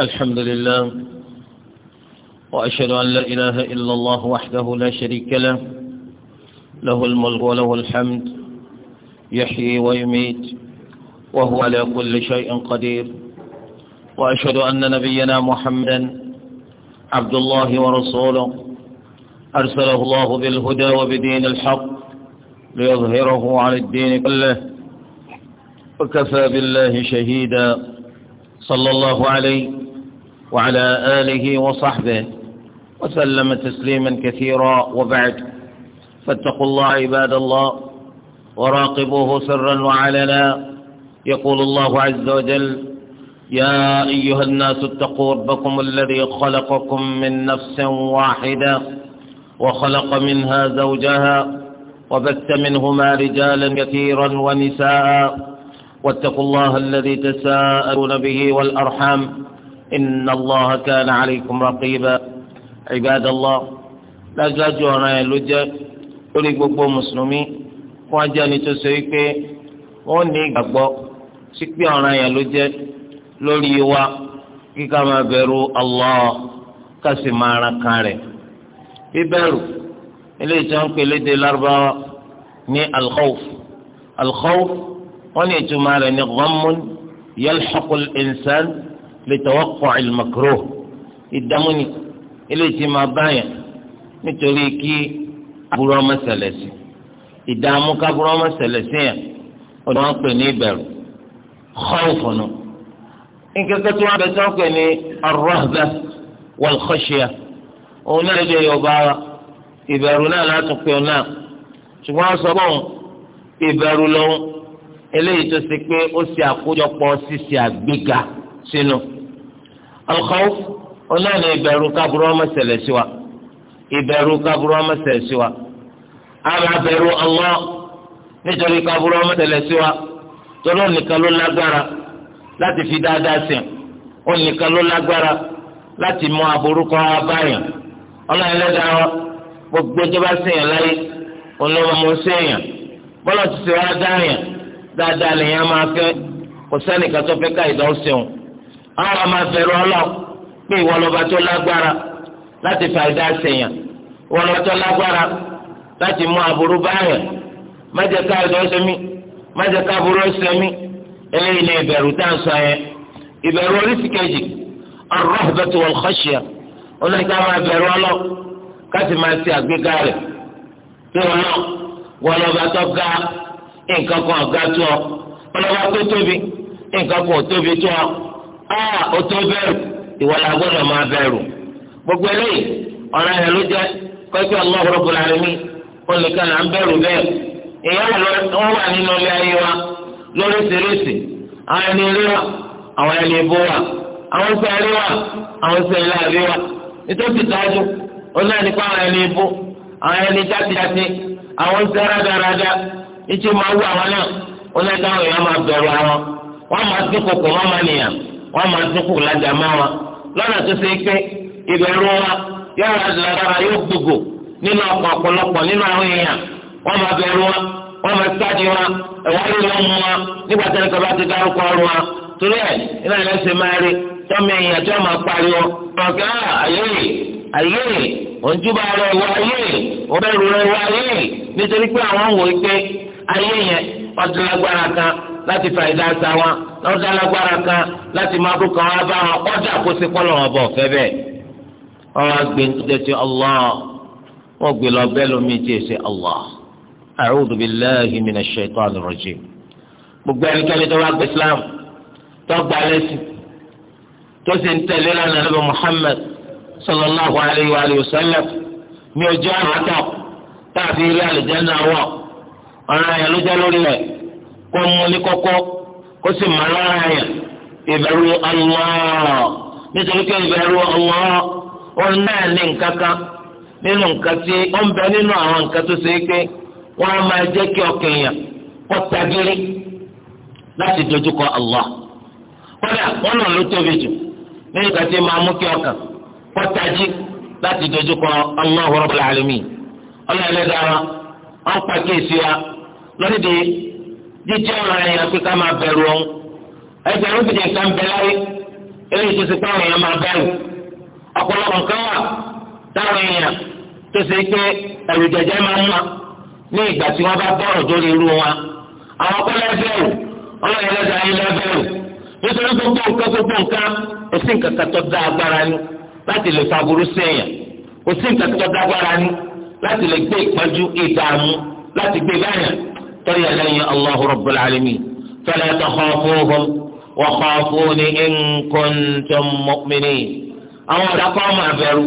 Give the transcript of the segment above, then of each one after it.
الحمد لله وأشهد أن لا إله إلا الله وحده لا شريك له له الملك وله الحمد يحيي ويميت وهو على كل شيء قدير وأشهد أن نبينا محمدا عبد الله ورسوله أرسله الله بالهدى وبدين الحق ليظهره على الدين كله وكفى بالله شهيدا صلى الله عليه وعلى آله وصحبه وسلم تسليما كثيرا وبعد فاتقوا الله عباد الله وراقبوه سرا وعلنا يقول الله عز وجل يا أيها الناس اتقوا ربكم الذي خلقكم من نفس واحدة وخلق منها زوجها وبث منهما رجالا كثيرا ونساء واتقوا الله الذي تساءلون به والأرحام إن الله كان عليكم رقيبا عباد الله لا جاجوا أنا يلوجا lórí gbogbo mùsùlùmí wọn jẹ́ ẹni tó ṣe wípé wọn ní ìgbàgbọ́ sí pé ọ̀ràn yẹn ló jẹ́ lórí wa kí ká máa bẹ̀rù Allah ká sì máa ran kan rẹ̀ bíbẹ̀rù eléyìí tó ń pè lédè lárúbáwá ní alkhawf alkhawf wọn ní ìtumọ̀ rẹ̀ ní ghammun yalhaqul insan lè tọwọ́ kọ́ ìlmọ̀kúrò ìdámúni eléyìí tí máa báyàn nítorí kí aburú ọmọ ṣẹlẹ̀ sí ìdààmú kaburú ọmọ ṣẹlẹ̀ sí yàn ọdún wọn pè ní ìbẹ̀rù khawfun nkẹ́kẹ́ tí wọ́n bẹ tí wọ́n pè ní arrahba wal òun náà lè yọba ìbẹ̀rù náà láti pè ọ́ náà ṣùgbọ́n sọ fún ìbẹ̀rù lọ́wọ́ eléyìí tó ṣe pé ó ṣe àkójọpọ̀ ṣíṣe àgbéga sínú. Si alkhawf onáni ìbẹ̀rù kaburú ọmọ ṣẹlẹ̀ sí wa ìbẹ̀rù kaburú ọmọ ṣẹlẹ̀ sí wa àmà bẹ̀rù Allah nítorí kaburú ọmọ ṣẹlẹ̀ sí wa tọ́lọ́ nìkan ló lágbára láti fi dáadáa sìn ó nìkan ló lágbára láti mú aburú kọ́ abáyàn ọlọ́run lẹ́dàá wa gbogbo tó bá sèyàn láyé olóòwò mo sèyàn bọ́lá ti sèwá dáyàn dáadáa lèyàn máa fẹ́ kò sẹ́nìkan tó fẹ́ ká ìdánwò sèwọ̀n àwọn máa bẹ̀rù ọlọ́ọ̀ pé ìwọ lọ́ba tó lágbára láti fàìdá sèèyàn ìwọ lọ́ba tó lágbára láti mú aburú báyàn má jẹ́ ká ẹ̀dọ́ sẹ́mi má jẹ́ ká aburú sẹ́mi eléyìí ni ìbẹ̀rù tá à ń sọ yẹn ìbẹ̀rù oríṣi kejì ar-rahbatu wal-khashya oníkà máa bẹ̀rù ọlọ́ọ̀ káti máa ti àgbéga rẹ̀ pé ọlọ́ọ̀ ìwọ tó ga nǹkan kan ọ̀gá tó ọ ọlọ́ba tó tóbi nǹkan kan ò tóbi tó ọ. ah o tó bẹ̀rù ìwọ la gbọ́dọ̀ máa bẹ̀rù gbogbo eléyìí ọ̀ràn yẹn ló jẹ́ kọ́kí Allahu Rabbul Alamin ó lè kàn án bẹ̀rù bẹ́ẹ̀ èyí wọn wà nínú ilé ayé wa lóríṣiríṣi àwọn ẹni rí wa àwọn ẹni bó wa àwọn rí wa àwọn sẹ ilé àrí wa oní ẹni àwọn ẹni àwọn ẹni jáde ìtì máa wú àwọn náà oní ẹni táwọn èèyàn máa àwọn máa dín kòkò wọn máa dúnkù lájà máa wọn lọ́nà tó ṣe pé ìbẹ̀rù wa yóò wá lára yóò gbogbo nínú ọkọ̀ ọ̀pọ̀lọpọ̀ nínú àwọn èèyàn wọn máa bẹ̀rù wa wọn máa sáàdì wa ẹ̀wọ́n ló lọ́ mú wa nígbà tí ẹnìkan bá ti dárúkọ ọrùn wa torí iná máa rí èèyàn tí wọ́n máa pariwo ọ̀gá láti fa ìdá sa wọn lọ́dọ̀ alágbára kan láti máa kó kan wá bá wọn kọ́dà kó sí kọ́lọ̀ wọn bọ̀ fẹ́ bẹ́ẹ̀. wọ́n wá gbé nítorí ti Allah wọ́n gbé lọ bẹ́ẹ̀ lómi tí èsì Allah a'udhu billahi minash shaitanir rajim. gbogbo ẹnikẹ́ni tó wá gbé Islam tó gba lẹ́sìn tó sì ń tẹ̀lé lánàá nàbẹ Muhammad sallallahu alayhi wa sallam ní ọjọ́ àràtọ̀ táàfin rí àlùjẹ́ náà wọ̀ ọ̀ràn kó mú ní kókó kó sì má lára yẹn ìbẹ̀rù Allah nítorí pé ìbẹ̀rù Allah òun náà ní nǹkan kan nínú nǹkan tí ó ń bẹ nínú àwọn nǹkan tó ṣe é pé wọ́n á máa jẹ́ kí ọkàn kó tagiri láti Allah kódà wọn náà ló tóbi jù nínú nǹkan tí máa mú kí ọkàn kó tají jíjẹ́ ọ̀ràn èèyàn pé ká máa bẹ̀rù ọ̀hún ẹgbẹ̀rún fìdí nǹkan bẹ láyé eléyìí tó ti pé àwọn èèyàn máa bẹ̀rù ọ̀pọ̀lọpọ̀ nǹkan wà táwọn èèyàn tó ṣe pé ẹ̀rù jẹjẹ máa ń wà ní ìgbà tí wọ́n bá bọ̀rọ̀ tó lè rú wọn àwọn ọpọlọ bẹ̀rù ọlọ́yìn lẹ́dà ayé lẹ́ bẹ̀rù nítorí gbogbo nǹkan nǹkan tó dá nǹkan tó تري لي الله رب العالمين فلا تخافوهم وخافون إن كنتم مؤمنين àwọn ọ̀dàkọ́ ọmọ abẹ́rù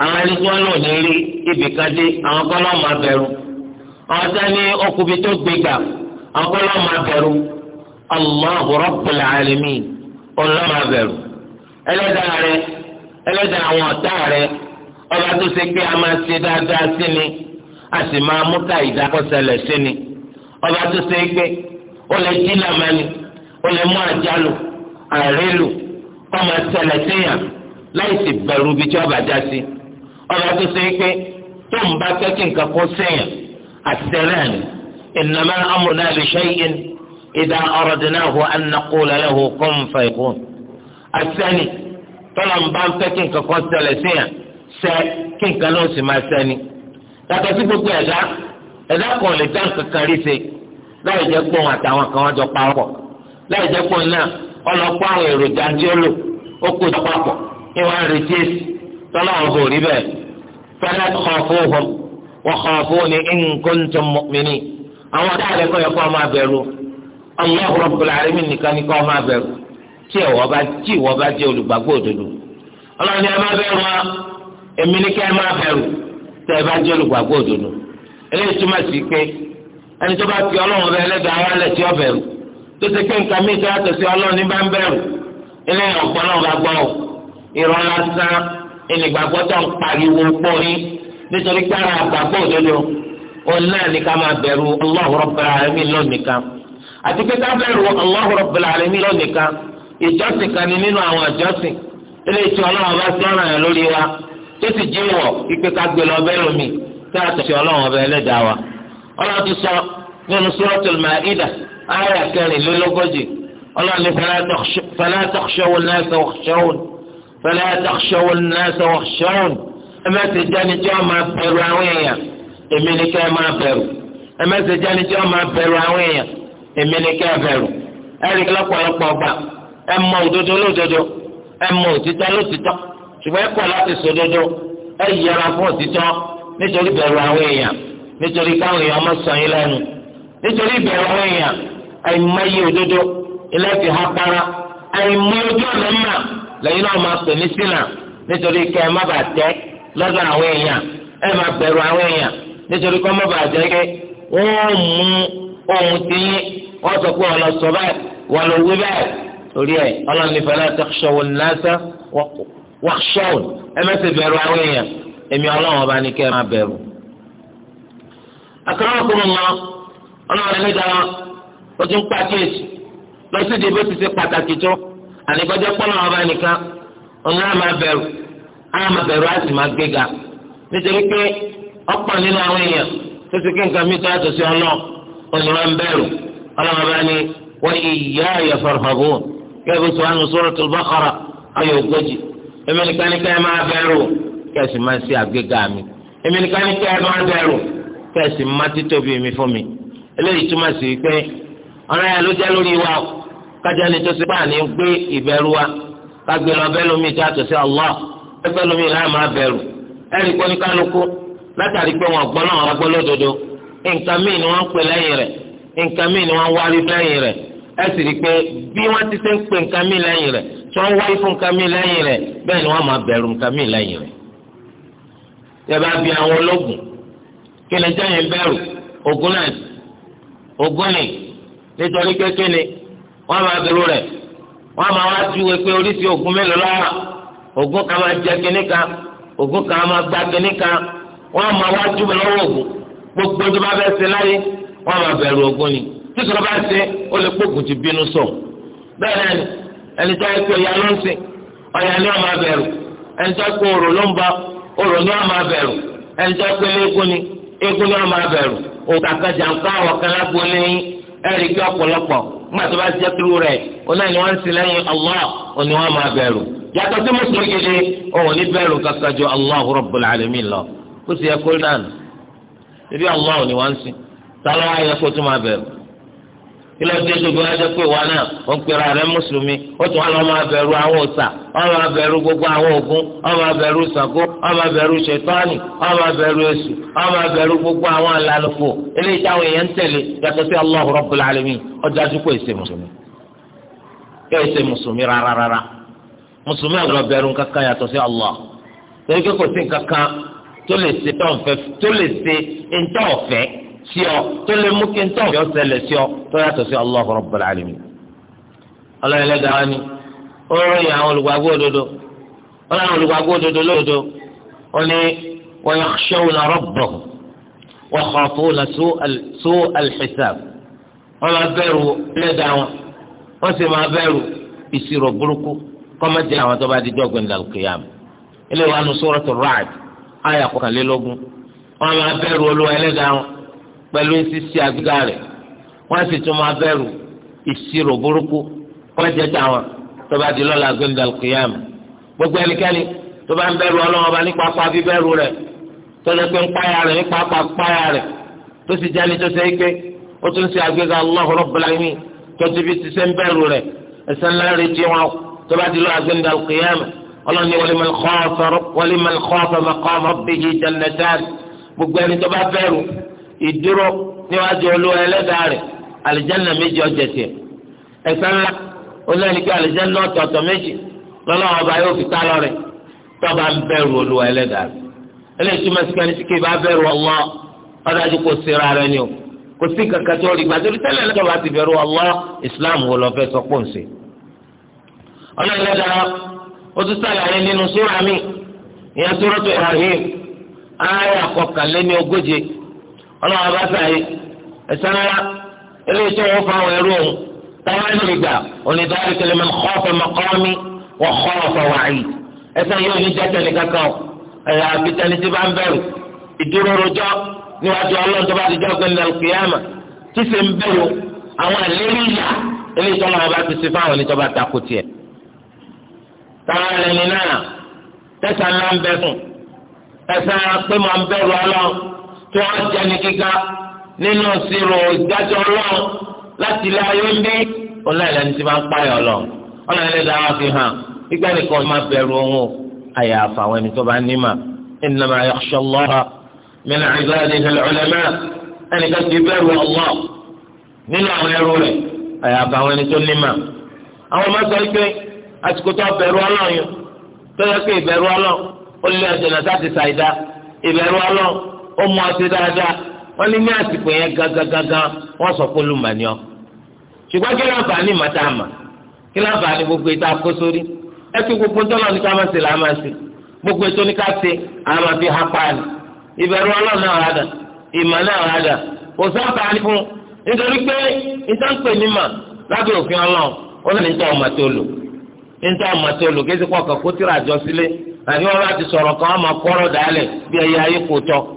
àwọn ẹni tí wọ́n lò ní rí ibì kan dé àwọn kọ́ lọ́mọ abẹ́rù àwọn tí wọ́n ní ọkùnrin tó gbé gbà àwọn kọ́ lọ́mọ abẹ́rù Allahu Rabbul Alamin ọlọ́mọ abẹ́rù ẹlẹ́dàá rẹ ẹlẹ́dàá àwọn ọ̀tá rẹ ọba tó ṣe pé a máa ṣe dáadáa sí ni. a sì máa mú ká ìdákọ̀sẹlẹ̀ sí ni ọba tó ṣe é pé ó lè dí làmánì ó lè mú àjálù àrélù ọmọ ṣẹlẹ̀ séyàn láì sì bẹ̀rù ibi tí ọba já sí ọba tó ṣe é pé tó ń bá kẹ́kẹ́ nǹkan kó séyàn àtẹ̀rẹ́ ni innama amruna an naqula lahu kun fayakun àtẹ̀ni bá kẹ́kẹ́ nǹkan kó sẹ́ kí nǹkan náà sì máa sẹ́ni. yàtọ̀ sí gbogbo ẹ̀dá ẹ̀dá kan lè dá kankan rí ṣe láì jẹ́ pé òun àtàwọn kan wọ́n jọ pawọ́pọ̀ láì jẹ́ pé òun náà ọlọ́pọ̀ àwọn èròjà tí ó lò ó kó jọ papọ̀ kí wọ́n á retí èsì tọ́lá wọn kò rí bẹ́ẹ̀ fẹ́lẹ́ kọ́ fún wọn wọ́n kọ́ fún ní nǹkan tó mọ̀mìnì àwọn ọ̀dà rẹ̀ kọ́ yẹ kó máa bẹ̀rù Allahu Rabbul Alamin nìkan ni kó máa bẹ̀rù tí ìwọ bá tí ìwọ bá jẹ́ olùgbàgbọ́ òdodo ọlọ́run ni ẹ máa bẹ̀rù wa tẹ́ ẹ bá jẹ́ olùgbàgbọ́ òdodo eléyìí túmọ̀ sí pé ẹni tó bá fi ọlọ́run rẹ ẹlẹ́dàá ara lẹ̀ tí ó bẹ̀rù tó ṣe pé nǹkan mi tó yàtọ̀ sí ọlọ́run ní bá ń bẹ̀rù eléyìí ọ̀pọ̀ náà bá gbọ́ ìrọ̀ lásán ìnìgbàgbọ́ tó ń pariwo pọ́ni nítorí pé ara àgbàgbọ́ òdodo òun náà ní ká máa bẹ̀rù Allahu Rabbil Alamin lónìí kan àti pé ká bẹ̀rù Allahu Rabbil Alamin tó sì jí wọ̀ ipe ká gbé lọ bẹ́ẹ̀ lómi tá a tọ̀sí ọlọ́run ọba ẹlẹ́dàá wa ọlọ́run ti sọ nínú Suratul Maida ayé kẹrìnlélógójì ọlọ́run ní fala takhshawu an-nasa wakhshawun fala takhshawu an-nasa wakhshawun ẹ má ti jẹ́ni tí wọ́n máa bẹ̀rù àwọn èèyàn èmi ni ká máa bẹ̀rù ẹ jẹ́ni tí wọ́n máa bẹ̀rù àwọn èèyàn èmi ni ká bẹ̀rù ẹ lọ́pọ̀lọpọ̀ ọgbà ẹ òdodo lódodo ẹ òtítọ́ lótítọ́ ṣùgbọ́n ẹ kọ̀ láti sòdodo ẹ yẹra fún òtítọ́ nítorí bẹ̀rù àwọn èèyàn nítorí káwọn èèyàn má sọ yín lẹ́nu nítorí bẹ̀rù àwọn èèyàn àìmọye òdodo ilé ti ha para àìmọye ojú ọ̀nà mìíràn lẹ́yìn náà máa pè ní sínà nítorí kẹ́ ẹ má bàa tẹ́ lọ́dọ̀ àwọn èèyàn ẹ má bẹ̀rù àwọn èèyàn nítorí kọ́ má bàa jẹ́ pé wọ́n mú ohun tí yín wọ́n sọ pé ọ̀nà sọ báyìí wọ́n lọ wí báyìí torí ẹ̀ ọlọ́run nífẹ̀ẹ́ láti ṣọwọ́ ní lásán wàhṣọ́ọ̀n ẹ bẹ̀rù àwọn èèyàn èmi ọlọ́run ọba ní kẹ́ máa bẹ̀rù. mọ ọlọ́run ẹni dára ó ti ń pàkíyèsí lọ sí ti ṣe pàtàkì tó ọba nìkan ọ̀nà bẹ̀rù bẹ̀rù á sì máa gbéga nítorí pé ọ̀pọ̀ nínú àwọn èèyàn tó ti kí nǹkan mi èmi nìkan ní kẹ́ ẹ máa bẹ̀rù kẹ́sì máa ṣe àgbéga mi èmi nìkan ní kẹ́ ẹ máa bẹ̀rù kẹ́sì máa títóbi mi fún mi eléyìí túmọ̀ sí pé ló jẹ́ lórí wa kájà ni tó ṣe gbé ìbẹ̀rù wa lọ bẹ́ẹ̀ lómi tó lómi máa bẹ̀rù kálukú látàrí pé gbọ́ náà gbọ́ lódodo nǹkan míì ni wọ́n pè lẹ́yìn rẹ̀ nǹkan míì ni wọ́n wárí lẹ́yìn ẹ sì rí i pé bí wọ́n ti ṣe ń pè nǹkan mí lẹ́yìn rẹ̀ tí wọ́n wáyé fún nǹkan mí lẹ́yìn rẹ̀ bẹ́ẹ̀ ni wọ́n máa bẹ̀rù nǹkan mí lẹ́yìn rẹ̀. yẹ́bà bí àwọn ológun kí ni jẹ́yìn bẹ̀rù ogun náà ogun ni nítorí kékeré ni wọ́n máa bẹ̀rù rẹ̀ wọ́n máa wá ju pé oríṣi ogun mélòó lọ́wọ́ ogun kan máa jẹ kínní kan ogun kan máa gba kínní kan wọ́n máa wá ju lọ́wọ́ ogun gbogbo tó bá fẹ́ ṣe láyé wọ́n máa bẹ̀rù ogun ni tí sọ̀rọ̀ bá ṣe ó lè gbógun ti bínú sọ bẹ́ẹ̀ ni ẹni tó ẹ pé ọ̀yà ló ń sìn ọ̀yà ni wọ́n máa bẹ̀rù ẹni tó ẹ pé òrò ló ń bá òrò ni wọ́n máa bẹ̀rù ẹni tó ẹ pé eégún ni eégún ni wọ́n máa bẹ̀rù òkàkà jàǹkà àwọn kan lágbo lẹ́yìn ẹ̀rí ọ̀pọ̀lọpọ̀ nígbà tó bá jẹ́ kúrú rẹ̀ ọ̀nà ni wọ́n ń sin lẹ́yìn Allah òní wọ́n máa bẹ̀rù yàtọ̀ sí mùsùlùmí gidi òun Allahu Rabbul Alamin lọ kó sì yẹ kó Allah òní wọ́n ń sin tó máa bẹ̀rù ilé ọdẹ tó bí wọn jẹ pé wọn náà ó ń pera rẹ̀ mùsùlùmí ó tún wọn lọ máa àwọn wọn máa gbogbo àwọn ogun wọn máa bẹ̀rù Ṣàngó wọn máa bẹ̀rù ṣètọ́nì wọn máa bẹ̀rù èṣù wọn máa bẹ̀rù gbogbo àwọn alálòpọ̀ eléyìí táwọn èèyàn ń tẹ̀lé yàtọ̀ sí Allahu Rabbul Alamin ọjà tó èsè mùsùlùmí èsè mùsùlùmí mùsùlùmí kankan yàtọ̀ sí Allah tó sí ọ tó lè mú kí n tọ́ yọ ṣẹlẹ̀ sí ọ tó yàtọ̀ sí Allahu Rabbul Alamin. ọlọ́run ẹlẹ́dàá wa ni ó ròyìn àwọn olùgbàgbọ́ òdodo ọlọ́run olùgbàgbọ́ òdodo lódodo ó ní wa yakhshawna rabbahum wa khafuna su'al hisab wọ́n máa bẹ̀rù ẹlẹ́dàá wọn wọ́n sì máa bẹ̀rù ìṣirò burúkú kọ́mẹ́tì àwọn tó bá di jọ́gbìn lálùkìyàm ilé wa nu Suratul Ra'd àyà kọkànlélógún wọ́n máa bẹ̀rù olúwa ẹlẹ́dàá wọn pẹ̀lú ṣíṣe àgbéga rẹ̀ wọ́n sì tún máa bẹ̀rù ìṣirò burúkú kọ́jà táwọn tó bá di lọ́la gbẹ̀ndà kìyàm gbogbo ẹnikẹ́ni tó bá ń bẹ̀rù ọlọ́wọ́n bá nípa pa bíbẹ̀rù rẹ̀ tó lè pé ń páyà rẹ̀ nípa pa páyà rẹ̀ tó sì jẹ́ni tó ṣe é pé ó tún ṣe àgbéga Allahu Rabbul tó ti fi ṣiṣẹ́ ń bẹ̀rù rẹ̀ ẹ̀sẹ̀ ńlá rẹ̀ ìdúró níwájú olúwa ẹlẹ́dàá rẹ̀ alìjẹ́nà méjì ọ̀jẹ̀ tiẹ̀ ẹ̀sán ńlá olóyìn alìjẹ́nà ọ̀tọ̀ọ̀tọ̀ méjì lọ́lọ́wọ́ ọba yóò fi ká lọ tọ́ba ń bẹ̀rù olúwa ẹlẹ́dàá rẹ̀ eléyìí túmọ̀ sí kẹ́ni bá bẹ̀rù Allah ọ̀dájú kò síra ni o kò sí kankan tó rí gbàdúrà tẹ́lẹ̀ lọ́ba ti bẹ̀rù Islam wo lọ fẹ́ sọ pọ̀ ọlọ́run bá sàyè ẹ̀sán rárá eléyìí tó wọ́n fáwọn ẹrú òun táwọn ẹni gbà onídàárí kẹlẹ́mẹ́ kọ́ọ̀fẹ́ mọ́kọ́ọ́mí wọ́n kọ́ọ̀fẹ́ wáyé ẹ̀sán yóò ní jẹ́tẹ̀lẹ́ kankan ẹ̀yà abitẹ́ni tí bá ń bẹ̀rù ìdúró rojọ́ níwájú ọlọ́run tó bá ti jẹ́ ọ̀gbìn nàlù kìyàmà tí ṣe ń bẹ̀rù àwọn ìlérí ìyà eléyìí tó lọ́wọ́ bá ti ṣe fáwọn onítọ́ba ẹni náà tẹ̀sán tí wọ́n jẹ́ ní kíkà nínú ìṣirò ìdájọ́ ọlọ́run láti ilé ayé ń bí ọlọ́ọ̀lẹ́ ní ti máa ń pààyàn lọ ọlọ́ọ̀lẹ́ dára fi hàn gbígbá nìkan máa bẹ̀rù ohun àyàfà àwọn ẹni tó bá ní mà innama yakhsha Allaha min ibadihi al-ulama ẹnìkan ti bẹ̀rù Allah nínú àwọn ẹrú rẹ̀ àyàfà àwọn ẹni tó ní mà àwọn ọmọ sọ pé àsìkò tó bẹ̀rù ọlọ́run tó yẹ pé ìbẹ̀rù ọlọ́run ó lé ẹ̀jẹ̀ náà ó mú ọtí dáadáa wọ́n ní ní àsìkò yẹn gágágágá wọ́n sọ pé ṣùgbọ́n kí láǹfà ní màtá àmà kí láǹfà ní gbogbo ètò àkó ẹ kí gbogbo tọ́lọ̀ ní ká máa ṣe gbogbo ètò ní ká ṣe àmà fi ha pa ni. ìbẹ̀rù ọlọ́run náà rádà ìmọ̀ náà rádà kò sáǹfà ní fún nítorí pé ìtànpè ní mà lábẹ́ òfin ọlọ́run ó ní ọmọ tó lò ọmọ tó lò kí ẹ ti kó bí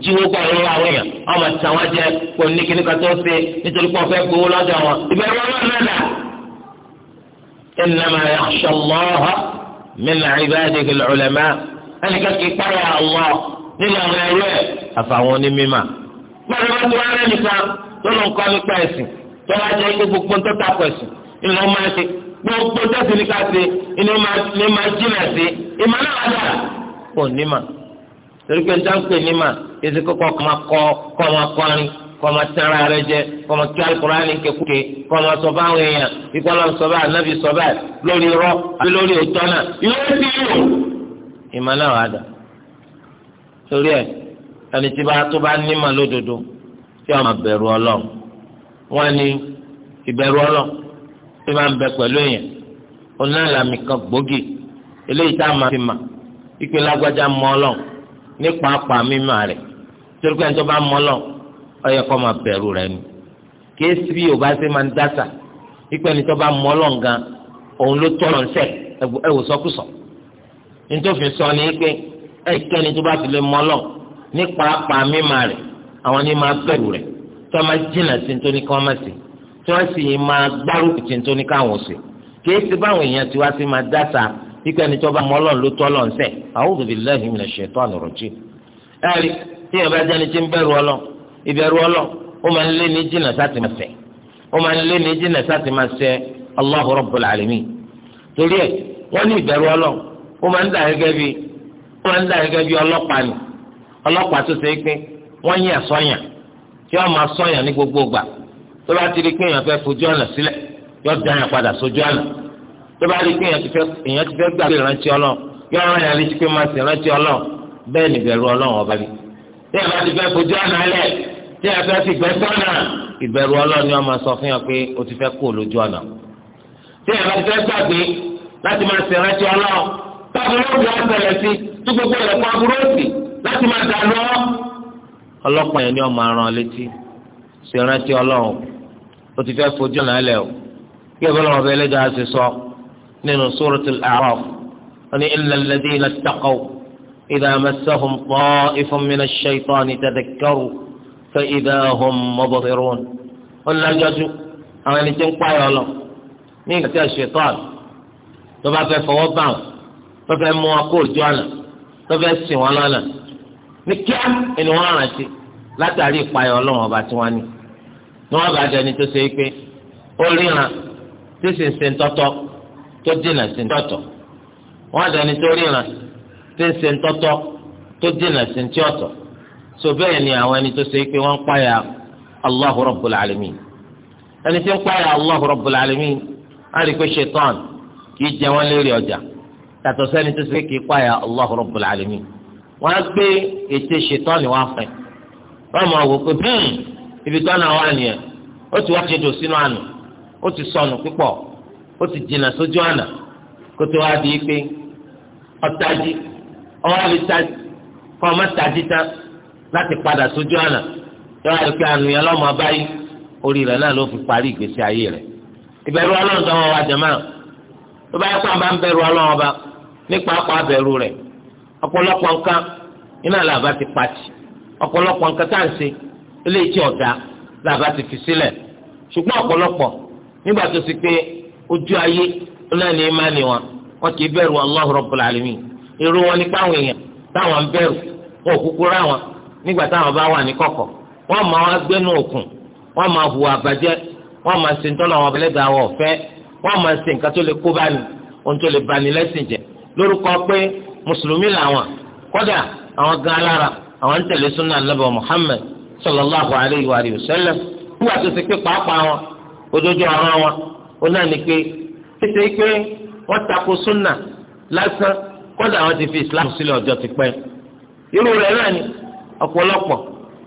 jíwó gbà lọ́wọ́ àwọn èèyàn ọmọ tí àwọn jẹ kò ní kíní kan tó ṣe nítorí pé wọ́n fẹ́ gbowó lọ́dọ̀ wọn ìbẹ̀rù ọlọ́run náà innama yakhsha Allaha min ibadihi al-ulama ẹnìkan kì í pààrọ̀ àwọn nínú àwọn ẹrú ẹ̀ àfàwọn onímọ̀. gbọ́dọ̀ bá ti wá rẹ̀ nìkan tó ló ń kọ́ nípa ẹ̀sìn tó torí pé níta ń pè ní mà èsì kọ́kọ́ kọ́ máa kọ́ kọ́ máa kọrin kọ́ máa tẹ́ra rẹ jẹ kọ́ máa kí alukurani kékuké kọ́ máa sọ báwọn èèyàn ikú ọlọ́run sọ báyìí anábì sọ báyìí lórí irọ́ àbí lórí òótọ́ náà yóò di yóò. ìmọ̀ náà wà dà torí ẹ ẹni tí tó bá ní mà lódodo tí wọn máa bẹ̀rù ọlọ́run wọn ni ìbẹ̀rù ọlọ́run tí wọn bẹ pẹ̀lú èèyàn onáàlámì kan gbòógì eléyìí tá a máa fi mà ìpínlẹ̀ agbájá mọ́ ọlọ́run nípa apá mímọ́ rẹ̀ torí pé ẹni tó bá mọ̀ lọ ó yẹ máa bẹ̀rù rẹ̀ ni kéésì bí yorùbá ṣe máa ń dásà pípẹ́ ẹni tó bá mọ̀ lọ gan òun ló tọ̀nà ń sẹ̀ ẹ̀wò nítòfin sọ ni pé ẹnikẹ́ni tó bá ti lè mọ̀ lọ nípa apá mímọ́ rẹ̀ àwọn ni máa bẹ̀rù rẹ̀ tó máa jìnnà sí ní tóní kọ́ máa sí tó sì máa gbárùkù sí ní tóní káwọn sí kéésì báwọn èèyàn ti wá sí máa dásà ikú ẹni tó bá mọ ọlọ́run ló tọ́ ọlọ́run sẹ̀ a'udhu billahi minash shaitanir rajim. ẹ̀rí tí ìyẹn bá jẹ́ni tí ń bẹ̀rù ọlọ́run ìbẹ̀rù ọlọ́run ó máa ń lé ní jìnnà sáti máa ṣẹ̀ ó máa ń lé ní jìnnà máa torí wọ́n ní ó máa ń dà gẹ́gẹ́ bí ó máa ń dà gẹ́gẹ́ bí ọlọ́pàá ni ọlọ́pàá tó ṣe pé wọ́n tí wọ́n tó bá rí i pé èèyàn ti fẹ́ gbà pé ìrántí ọlọ́ yọ ọ̀rọ̀ yẹn létí pé máa sì rántí ọlọ́ bẹ́ẹ̀ ni bẹ̀rù ọlọ́run ọba rí tí a bá ti fẹ́ fojú ọ̀nà alẹ́ tí a fẹ́ ti gbẹ sọ́nà ìbẹ̀rù ọlọ́run yóò máa sọ fún yàn pé o ti fẹ́ kó lójú ọ̀nà tí a bá ti fẹ́ gbàgbé láti máa sì rántí ọlọ́run tábìlì ó bẹ̀rẹ̀ sí tí gbogbo rẹ̀ pa búrọ́ọ̀sì ọlọ́pàá yẹn ni ọmọ aràn létí sì rántí ọlọ́run o ti fẹ́ fojú ọ̀nà alẹ́ o kí ẹ bọ́lá ọ̀bẹ ẹlẹ́dàá ti sọ. So nínú suratul A'raf wọ́n ní illal ladhina ittaqaw idha massahum ta'ifun minash shaytani tadhakkaru fa idha hum mubsirun ó ní lájọ́jú àwọn ẹni tí ń pààyọ̀ lọ ní ìgbà tí àṣetán tó bá fẹ́ fọwọ́ bá wọn tó fẹ́ mú wọn kó òjò wọn lọ́nà ní kíá ẹni wọn rántí látàrí ìpayọ̀ ọlọ́run ọba tí wọ́n ní ní wọ́n bá dẹni tó ṣe é pé ó ríran tí sì ń ṣe ń tọ́tọ́ tó dènà sí ntọ́tọ̀ wọ́n àdáni tó ríran tó ń ṣe ntọ́tọ́ tó dènà sí ntí ọ̀tọ̀ so bẹ́ẹ̀ ni àwọn ẹni tó ṣe pé wọ́n ń páyà Allahu Rabbul Alamin ẹni tí ń páyà Allahu Rabbul Alamin á rí i pé ṣetán kì í jẹ wọ́n lérí ọjà yàtọ̀ sẹ́ni tó ṣe kì í páyà Allahu Rabbul Alamin wọ́n á gbé ètè ṣetán ni fẹ́ wọ́n mọ̀ wò pé hmm, ibi tó náà wà nìyẹn ó ti wá ṣe dò sínú àná ó ti sọnù pípọ̀ ó ti jìnnà sójú àná kótó wá di pé ọ̀tají ọwọ́ àbí tají kọ́ ọmọ tají tán láti padà sójú àná yọ̀wá rí pé àánú yẹn lọ́mọ báyìí orí rẹ̀ náà ló fi parí ìgbésí ayé rẹ̀ ìbẹ̀rù ọlọ́run tó wọn wá jẹ̀mọ́ ọba nípa àpò rẹ̀ ọ̀pọ̀lọpọ̀ nǹkan iná làbá ti pàtì ọ̀pọ̀lọpọ̀ nǹkan tá à ń ṣe eléyìí tí ọ̀dà làbá ti fi sílẹ̀ ṣùgbọ́n ọ̀pọ̀lọpọ̀ nígbà tó ojú ayé náà ní ìmánì wọn wọn kì í bẹ̀rù Allahu Rabbul Alamin irú wọn nípa àwọn èèyàn táwọn ń bẹ̀rù wọn ò kúkú rá wọn nígbà táwọn bá wà ní wọn máa wá gbénu òkun wọn máa hùwà àbàjẹ́ wọn máa ṣe ńtọ́nà wọn bẹ̀lẹ́dà wọn ọ̀fẹ́ wọn máa ṣe nǹkan tó lè kó báni ohun tó lè lẹ́sìn jẹ lórúkọ pé mùsùlùmí làwọn àwọn gan alayhi wa sallam pé pàápàá ó náà ní pé títí pé wọ́n tako súnà lásán kódà wọ́n ti fi islam sílẹ̀ ọjọ́ ti pẹ́ irú rẹ̀ náà ni ọ̀pọ̀lọpọ̀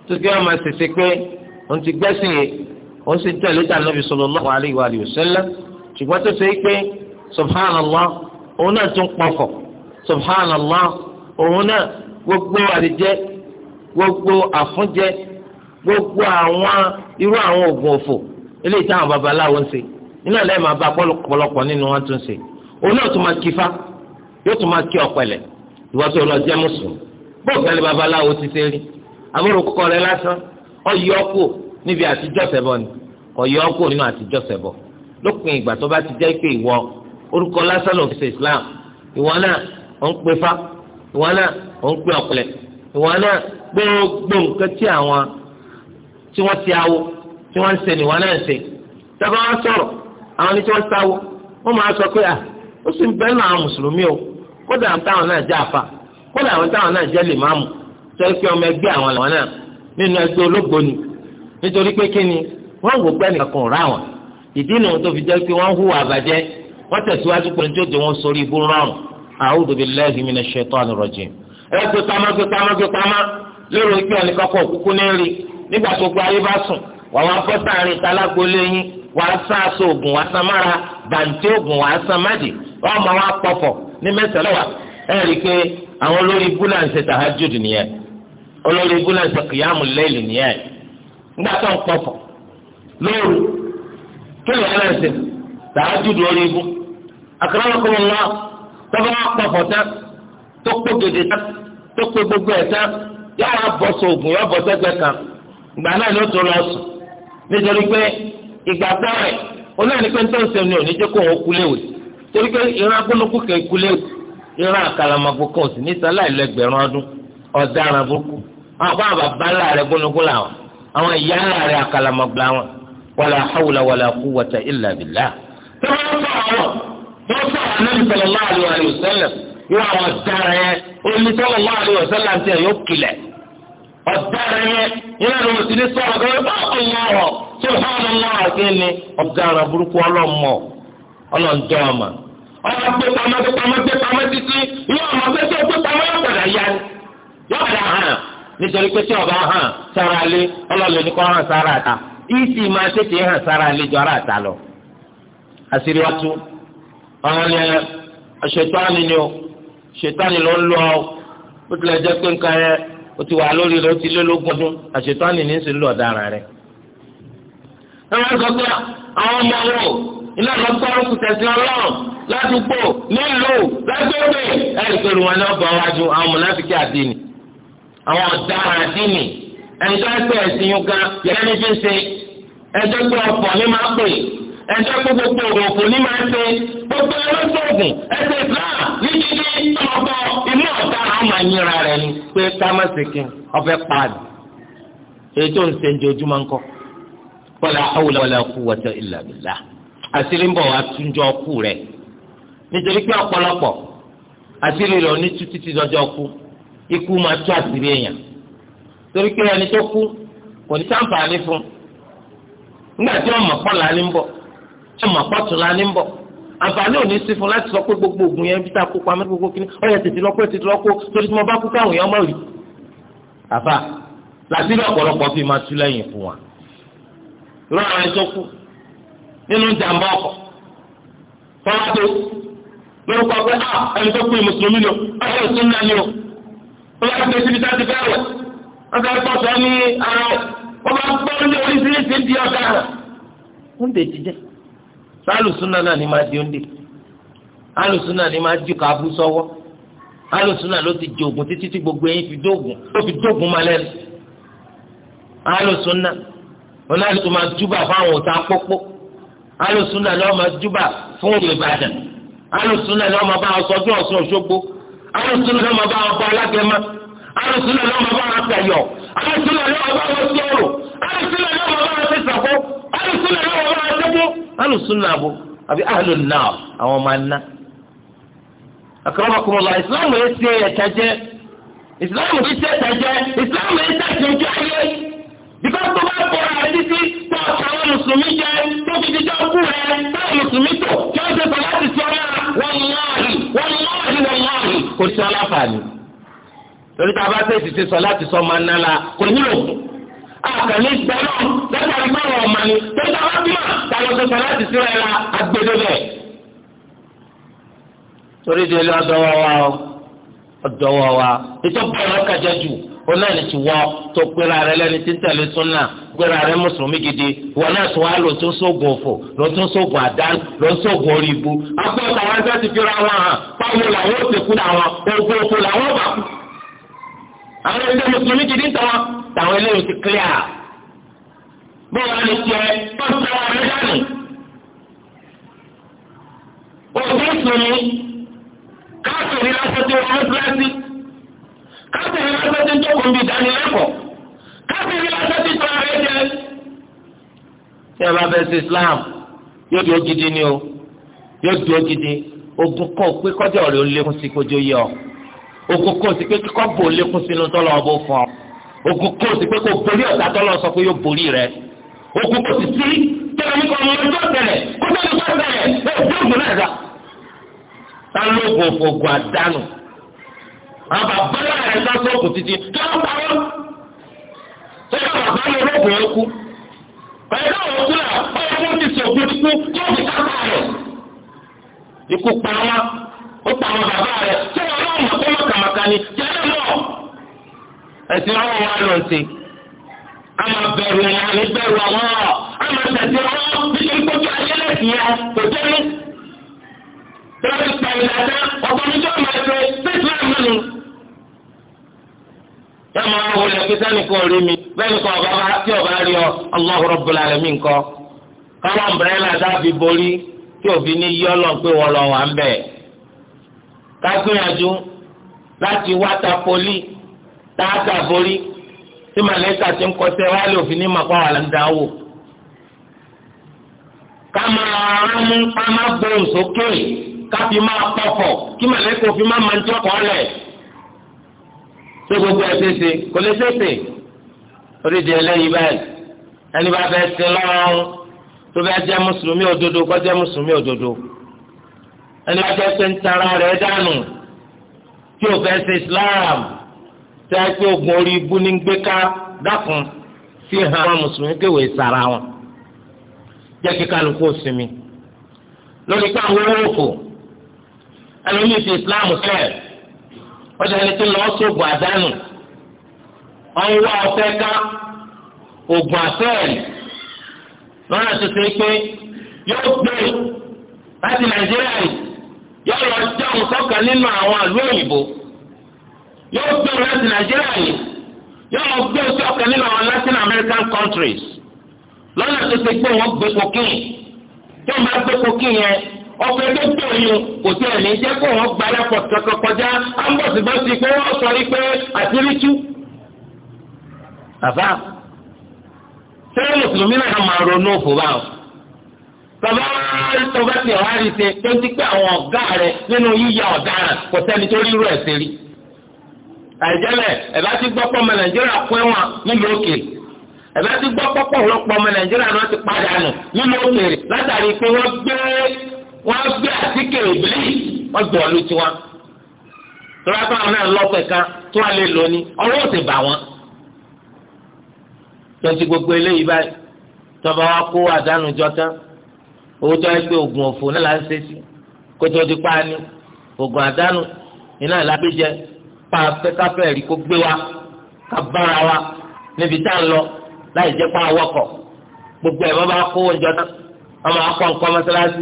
tó kí wọ́n máa ṣèṣe pé òun ti gbẹ́sìn yìí òun sì tẹ̀lé tà nàbì sallallahu alaihi wa alihi wasallam ṣùgbọ́n tó ṣe pé subhanallah òun náà tún pọkọ̀ subhanallah òun náà gbogbo àdìjẹ gbogbo àfúnjẹ gbogbo àwọn irú àwọn oògùn òfò eléyìí táwọn babaláwo ń ṣe iná lẹ́yìn máa bá pọ̀lọpọ̀ nínú wọn tún ṣe òun náà máa kí fa yóò tún máa kí ọ̀pẹ̀lẹ̀ ìwọ tó lọ jẹ́ mùsùlùm bóòlù fẹ́lẹ́ babaláwo ti ṣe rí amúrúkọ rẹ lásán ọyọ kù níbi àtijọ́ ni ọyọ kù nínú àtijọ́ sẹ́bọ̀ lópin ìgbà tó bá ti jẹ́ pé ìwọ orúkọ lásán ló fi ṣe Islam ìwọ náà ò ń pe fa ìwọ náà ò ń pe ọ̀pẹ̀lẹ̀ ìwọ náà gbogbo nǹkan tí àwọn tí wọ́n ti àwọn ẹni tí wọ́n sáwó wọ́n máa sọ pé à ó sì ń bẹ́ẹ̀ náà àwọn mùsùlùmí o kódà àwọn táwọn náà jẹ́ àfa kódà àwọn táwọn náà jẹ́ lèmáàmù sẹ́rí pé ọmọ ẹgbẹ́ àwọn làwọn náà nínú ẹgbẹ́ ológbò ni nítorí pé kí ni wọ́n wò pé ẹnìkan kan rà wọ́n ìdí nu tó fi jẹ́ pé wọ́n hùwà àbàjẹ́ wọ́n tẹ̀síwájú pé níjó de wọn sórí ibú rọrùn a'udhu billahi minash shaitani rajim. ẹ gbé pamọ́ gbé pamọ́ gbé pamọ́ lérò pé ẹnìkan kan òkúkú ní rí nígbà tó gba ayé bá wàá sá aṣọ ògùn wàá sá mára bàǹtí wàá sá wa pọ̀fọ̀ ní mẹ́sàn-án wà ẹ rí i pé àwọn olórí ibùdó à nìyẹn olórí ibùdó kìyàmù lẹ́yìn nìyẹn nígbà tó ń pọ̀fọ̀ lóru kí ló ń ṣe tahajjud lórí wọn tán tó gèdè tán tó gbogbo ẹ̀ tán kan ìgbàgbọ́ rẹ̀ onáà ní pé tó ń sẹ́wọ́n ní òní jẹ́ kó òun kú léwu torí pé ìran agbónúkú kẹ́ kú léwu ìran àkàlàmọ́gbó kan sì ní sáláì lẹ́gbẹ̀rún ọdún ọ̀daràn burúkú àwọn bá bàbá ńlá rẹ̀ gbónúkú làwọn àwọn ìyá ńlá rẹ̀ àkàlàmọ́gbó làwọn wàlà hàwùlà wàlà kú wàtà ìlà bìlà. tó bá ń bá àwọn tó bá àwọn sallallahu alaihi wasallam yóò àwọn subhanallah àgẹ́ni burúkú ọmọ títí yóò yóò hàn nítorí tí ọba hàn sára lé ní hàn sára ta ìsì máa tètè hàn sára lé jọ ara ta lọ. àṣírí tú ọ̀hún ni ni o ṣètánì ló ń lọ tilẹ̀ jẹ́ pé nǹkan yẹn ti wà lórí ti lé lógún ní í sì ń lọ ọ̀daràn àwọn sọgbà àwọn ọmọ wò iná lọ gbọ́rọ̀ kù tẹ̀sí ọlọ́run ládùúgbò nílùú lágbègbè ẹ̀rí pẹ̀lú wọn náà bọ̀ wájú àwọn mọ̀nàfíkì àdínì àwọn ọ̀daràn àdínì ẹ̀ńdá pẹ̀ ẹ̀sìn yín gan yẹ́n ní fi ń ṣe ẹ̀ńdá pẹ̀ ọ̀pọ̀ ní máa pè ẹ̀ńdá pẹ̀ gbogbo òògùn ní máa ṣe gbogbo ẹlọ́gbọ̀gùn ẹ̀sẹ̀ Islam ní kíkí ọ̀pọ̀ inú ọ̀daràn ọmọ wala hawla wala quwwata illa billah àṣírí ń bọ̀ wá túnjọ kú rẹ̀ nítorí pé ọ̀pọ̀lọpọ̀ àṣírí rẹ̀ ní tú títí dọjọ́ kú ikú máa tú àṣírí èèyàn torí pé ẹni tó kú kò ní sáǹfààní fún nígbà tí ọmọ pọ̀ là ní ń bọ̀ tí ọmọ pọ̀ tún là ní ń bọ̀ àǹfààní ò ní sí fún láti sọ pé gbogbo ògùn yẹn bí tá a kó pamẹ́ gbogbo kíní ọ̀yẹ́ tètè lọ́kọ́ tètè lọ́kọ́ torí tí mo bá kú káwọn èèyàn mọ̀ rí àfà làṣírí ọ̀pọ̀lọpọ̀ fi máa tú lẹ́yìn fún wa. irú àwọn ẹni kú nínú jàǹbá ọkọ̀ tọ́lá tó lórúkọ pé a ah, ẹni tó kú ní mùsùlùmí ni o ọ̀rẹ́ náà ni o tọ́lá tó ti fi sáti bẹ́ẹ̀ sọ ní ara wọ́n bá gbọ́ ní ọ̀gá rẹ̀. ń dè náà ni máa di alùsùn náà ni máa alùsùn náà ló ti títí tí gbogbo fi ló fi alùsùn náà wọn náà ní kó máa júbà fáwọn òòtà pópó alùsùn náà ni wọn máa júbà fún òye ìbàdàn alùsùn náà ni wọn máa bá wọn sọdún ọ̀sùn òṣogbo alùsùn náà ni wọn máa bá wọn bọ alágẹmọ alùsùn náà ni wọn máa bá wọn tẹyọ alùsùn náà ni wọn máa bá wọn sọ̀rọ̀ alùsùn náà ni wọn máa bá wọn tẹsàkó alùsùn náà ni wọn máa bá wọn tẹgbó alùsùn náà bò àbí alùn náà àwọn máa ná akọrọmọkùnrin islam yìí ṣe ẹ̀ta jẹ́ islam yìí ṣe ẹ̀ta jẹ́ islam yìí ṣe ẹ̀ta jẹ́ ayé bíkọ́ tó mùsùlùmí jẹ tó fi ti jọ kú rẹ táwọn mùsùlùmí tò kí wọ́n ti sọ láti sọ ọ́ wọ́n láàyè wọ́n láàyè wọ́n láàyè kò sí ọlọ́fààní. torí tá a bá tẹ̀sí ti sọ láti sọ máa ná la kò nílò àkànní gbẹ́rọ̀ lẹ́tàrí báwọn ọmọ ni torí tá a bá bímọ táwọn sọ láti sọ ẹ̀ la agbèdo bẹ̀. torí délé ọdọ wa wa ọdọ gbéra rẹ mùsùlùmí gidi wọn náà sọ wá lò tó sóògùn òfò lò tó sóògùn àdán lò sóògùn orí ibu agbọ́dọ̀ àwọn ẹgbẹ́ ti fi ra wọn hàn báwo làwọn ó ti kú làwọn oògùn òfò làwọn bá kú. àwọn ẹgbẹ́ mùsùlùmí gidi ń tọ́wọ́ tàwọn eléyìí ti clear bó wàá lè tiẹ̀ tó ń tẹ̀wọ́ rẹ dànù. òfin mùsùlùmí káàkiri lásán tí wọ́n ń kíláàsì káàkiri lásán tí tó kùn bí ìdánilẹ́kọ̀ọ́ káàkiri tí ẹ bá fẹ́ ṣe islam yóò dúró gidi ni o yóò dúró gidi ogun kọ́ pé kọ́jà ọ̀rẹ́ ó lékún sí kojú yẹ ọ ogun kọ́ sí pé kíkọ́ bò lékún sínú tọ́lọ̀ ọ̀bọ fún ọ ogun kọ́ sí pé kò borí ọ̀tá tọ́lọ̀ sọ pé yóò borí rẹ ogun kọ́ sí sí tẹ́lẹ̀ nípa ọmọ ọjọ́ tẹ̀lẹ̀ kó tẹ́lẹ̀ tó tẹ̀lẹ̀ ẹ̀ fóògùn náà dà tá ló gùn fògùn àdánù àwọn bàbá rẹ̀ sọ́sọ́ òkùn títí tó ń pa wọ́n tó yẹ bàbá mi pẹ̀lú àwọn òkúlà báyọ̀ fún mi sọ òkú ikú tó fi kápá rẹ̀. ikú pa wọn ó pa àwọn bàbá rẹ̀ tí wọn náà mọ̀ kọ́mọ kàmàkà ni jẹ́rẹ́ mọ̀. ẹ̀sìn àwọn wa lọ sí a máa bẹ̀rù wọn àní bẹ̀rù àwọn ọ̀ a máa tẹ̀sí wọn nítorí pé kí ayé lẹ́sìn yẹn kò jẹ́ mi. bí wọ́n ti pa ìlànà ọ̀pọ̀ níjọ́ máa ṣe sí ìsìlámù nù yà máa ń wọlé pé sẹ́nìkan rí mi sẹ́nìkan ọba bá tí ọba rí ọ Allahu Rabbul Alamin kọ́ káwọn ọ̀mbrẹ́là dábì borí tí òbí ní yí ọlọ́n pé wọ́n lọ wà ń bẹ̀. kágbìyànjú láti wá tapoli táàtà borí tí màlẹ́kà ti ń kọsẹ́ wálé òfin ní màkà wà lẹ́ńdà wò. ká máa rámú ká máa gbóhùn sókè ká fi máa pọ̀pọ̀ kí màlẹ́kà òfin má máa ń jọ́kọ̀ọ́ lẹ̀ ṣé gbogbo ẹ ṣeéṣe kò lè ṣeéṣe oríṣi ẹlẹ́yìí báyìí ẹni bá fẹ́ sin lọ́rùn tó fẹ́ jẹ́ mùsùlùmí òdodo kó jẹ́ mùsùlùmí òdodo ẹni bá jẹ́ pé ń tara rẹ̀ dànù tí ò fẹ́ ṣe Islam tẹ́ pé oògùn orí ibú ní gbé ká dákun fi hàn àwọn mùsùlùmí kéwèé sara wọn jẹ́ kí kálukú sinmi lórí pé àwọn olówó kò ẹlòmíì fi Islam sẹ́ẹ̀ wọ́n ni ẹni tó lọ sóògùn àdánù ọ̀nwá ọ̀fẹ́ ká oògùn àfẹ́ẹ̀lì lọ́nà tó ṣe pé yóò gbé láti nàìjíríà yìí yóò lọ dáhùn sọ́kàn nínú àwọn àlú òyìnbó yóò gbé láti nàìjíríà yìí yóò lọ gbé sọ́kàn nínú àwọn Latin American countries lọ́nà tó ṣe pé wọ́n gbé kokéè tó máa gbé kokéè yẹn ọ̀fẹ́ tó tó yìí kò tẹ̀ ní jẹ́ kó wọ́n gba airport kankan kọjá ambọ̀sibọ́sì pé wọ́n sọ yìí pé àtìrí tú. bàbá sẹ́yìn mùsùlùmí náà máa ronú òfò báwọn bàbá tọ́ba ti ọ̀há rí ṣe tó ti pé àwọn ọ̀gá rẹ̀ nínú yíya ọ̀daràn kò sẹ́ni tó rírú ẹ̀ ṣe rí. àìjẹ́lẹ̀ ẹ̀bá ti gbọ́ pọ́mọ nàìjíríà kún ẹ̀wọ̀n nílùú òkèèrè ẹ̀bá ti gbọ́ pọ́pọ̀ ọ̀pọ̀ ọmọ nàìjíríà náà ti padà nù nílùú òkèèrè látàrí pé wọ́n gbé wọ́n gbé àtíkè ìbílí wọ́n gbé ọ̀lú tiwọn tọ́lá táwọn náà lọ́pẹ̀ kan tó wà lè lò ní ọwọ́ ti bà wọ́n. tọ́sí gbogbo eléyìí báyìí tọ́ba wa kó àdánù jọta owó tó yẹ pé oògùn òfò náà là ń ṣe sí kótó ti pa ni oògùn àdánù iná ìlàgbéjẹ pa afẹ́káfẹ́ rí kó gbé wa ká bára wa níbi tá a lọ láì jẹ́ pa àwọkọ̀ gbogbo ẹ̀ bá bá kó oúnjẹ tán wọ́n máa kọ́ nǹkan mọ́sálásí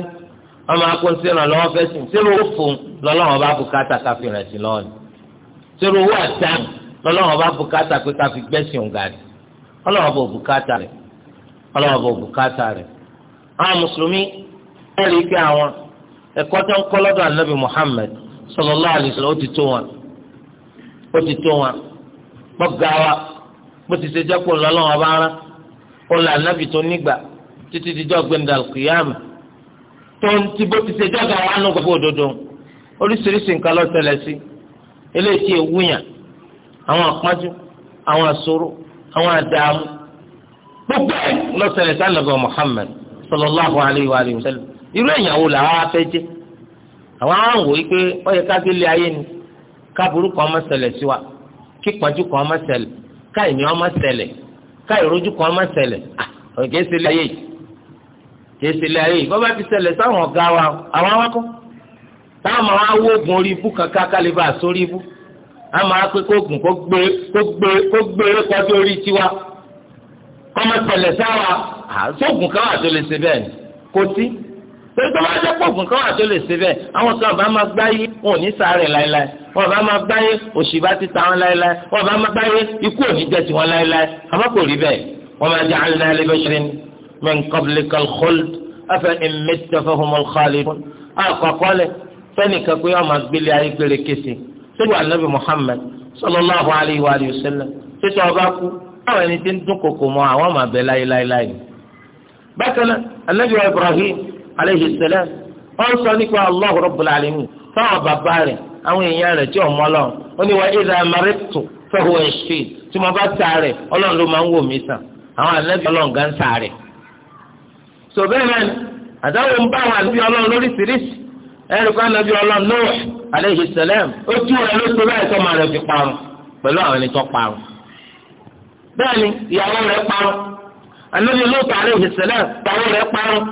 ọmọ akọ̀ǹsẹ̀ náà lọ́wọ́ fẹ́ sìn ṣé owó fún lọ́lọ́wọ́ bá bùkátà káfí rẹ̀ sí lọ́ọ̀nì ṣé owó àtàn lọ́lọ́wọ́ bá bùkátà pé káfí gbẹ́sìn òǹgà rẹ̀ ọlọ́wọ́ bò bùkátà rẹ̀ ọlọ́wọ́ bò bùkátà rẹ̀. àwọn mùsùlùmí ẹ̀rí pé àwọn ẹ̀kọ́ tó ń kọ́ lọ́dọ̀ ànábì Muhammad sallallahu alaihi wasallam ó ti tó wọn ó ti tó wọn gbọ́gà wa bó ti ṣe jẹ́ pé òun lọ́lọ́wọ́ bá tó ń ti bó ti ṣe jọ́gà wà nù gbogbo òdodo oríṣiríṣi nǹkan ló ṣẹlẹ̀ sí eléyìí tí ewúyàn àwọn àpọ́njú àwọn àṣòro àwọn àdààmú gbogbo sí sallallahu alayhi wa alayhi wa sallam irú ìyàwó a afẹ́ jẹ́ àwọn àwọn wòye pé ó yẹ ká ayé ni ká kan má ṣẹlẹ̀ sí wa kí kan má ìní ọmọ ìrójú kan má ọ̀gẹ́sẹ̀ kèsìlẹ̀ ayé bọ́bá ti ṣẹlẹ̀ sáwọn ọ̀gá wa àwọn awakọ̀ táwọn máa wá wóògùn orí ibú kankan kálí bá a sórí ibú a máa pé kóògùn kó gbé kó gbé kó gbé kọjú orí tiwa kọ́mọ ṣẹlẹ̀ sáwa àtọ́gùn káwà tó lè ṣe bẹ́ẹ̀ ni kò sí torí tó bá jẹ́ kóògùn káwà tó lè ṣe bẹ́ẹ̀ àwọn kan bá máa gbáyé wọn ò ní sáré láéláé wọn bá máa gbáyé òṣì bá ti ta wọn láéláé wọn bá máa gbáyé ikú ò ní jẹ tiwọn láéláé àmọ́ kò rí bẹ́ẹ̀ wọn máa jẹ alẹ́ náà من قبلك الخلد أفإن مت فهم الخالدون أقول فنك قيام أقبل عليك بلكسي سيدنا النبي محمد صلى الله عليه وآله وسلم سيدنا أباكو أو أن تنتقكم وما بلاي لاي لاي بكنا النبي إبراهيم عليه السلام أوصى الله رب العالمين فأبا بارك أو èèyàn rẹ̀ tí ọmọ ọlọ́run ó ní wa ìdá amárẹ́tò fẹ́hùn ẹ̀ṣin tí mo bá sáré ọlọ́run ló máa ń wò sọ̀bẹ́ẹ̀ náà àdáwò ń bá àwọn àlùbí ọlọ́run lóríṣiríṣi ẹnìkan ànábì ọlọ́run Nuh alayhi salam ó tú rẹ̀ ló tó bẹ́ẹ̀ tó máa rẹ̀ fi parun pẹ̀lú àwọn ẹni tó parun bẹ́ẹ̀ ni ìyàwó rẹ̀ parun ànábì Lut alayhi salam tàwó rẹ̀ parun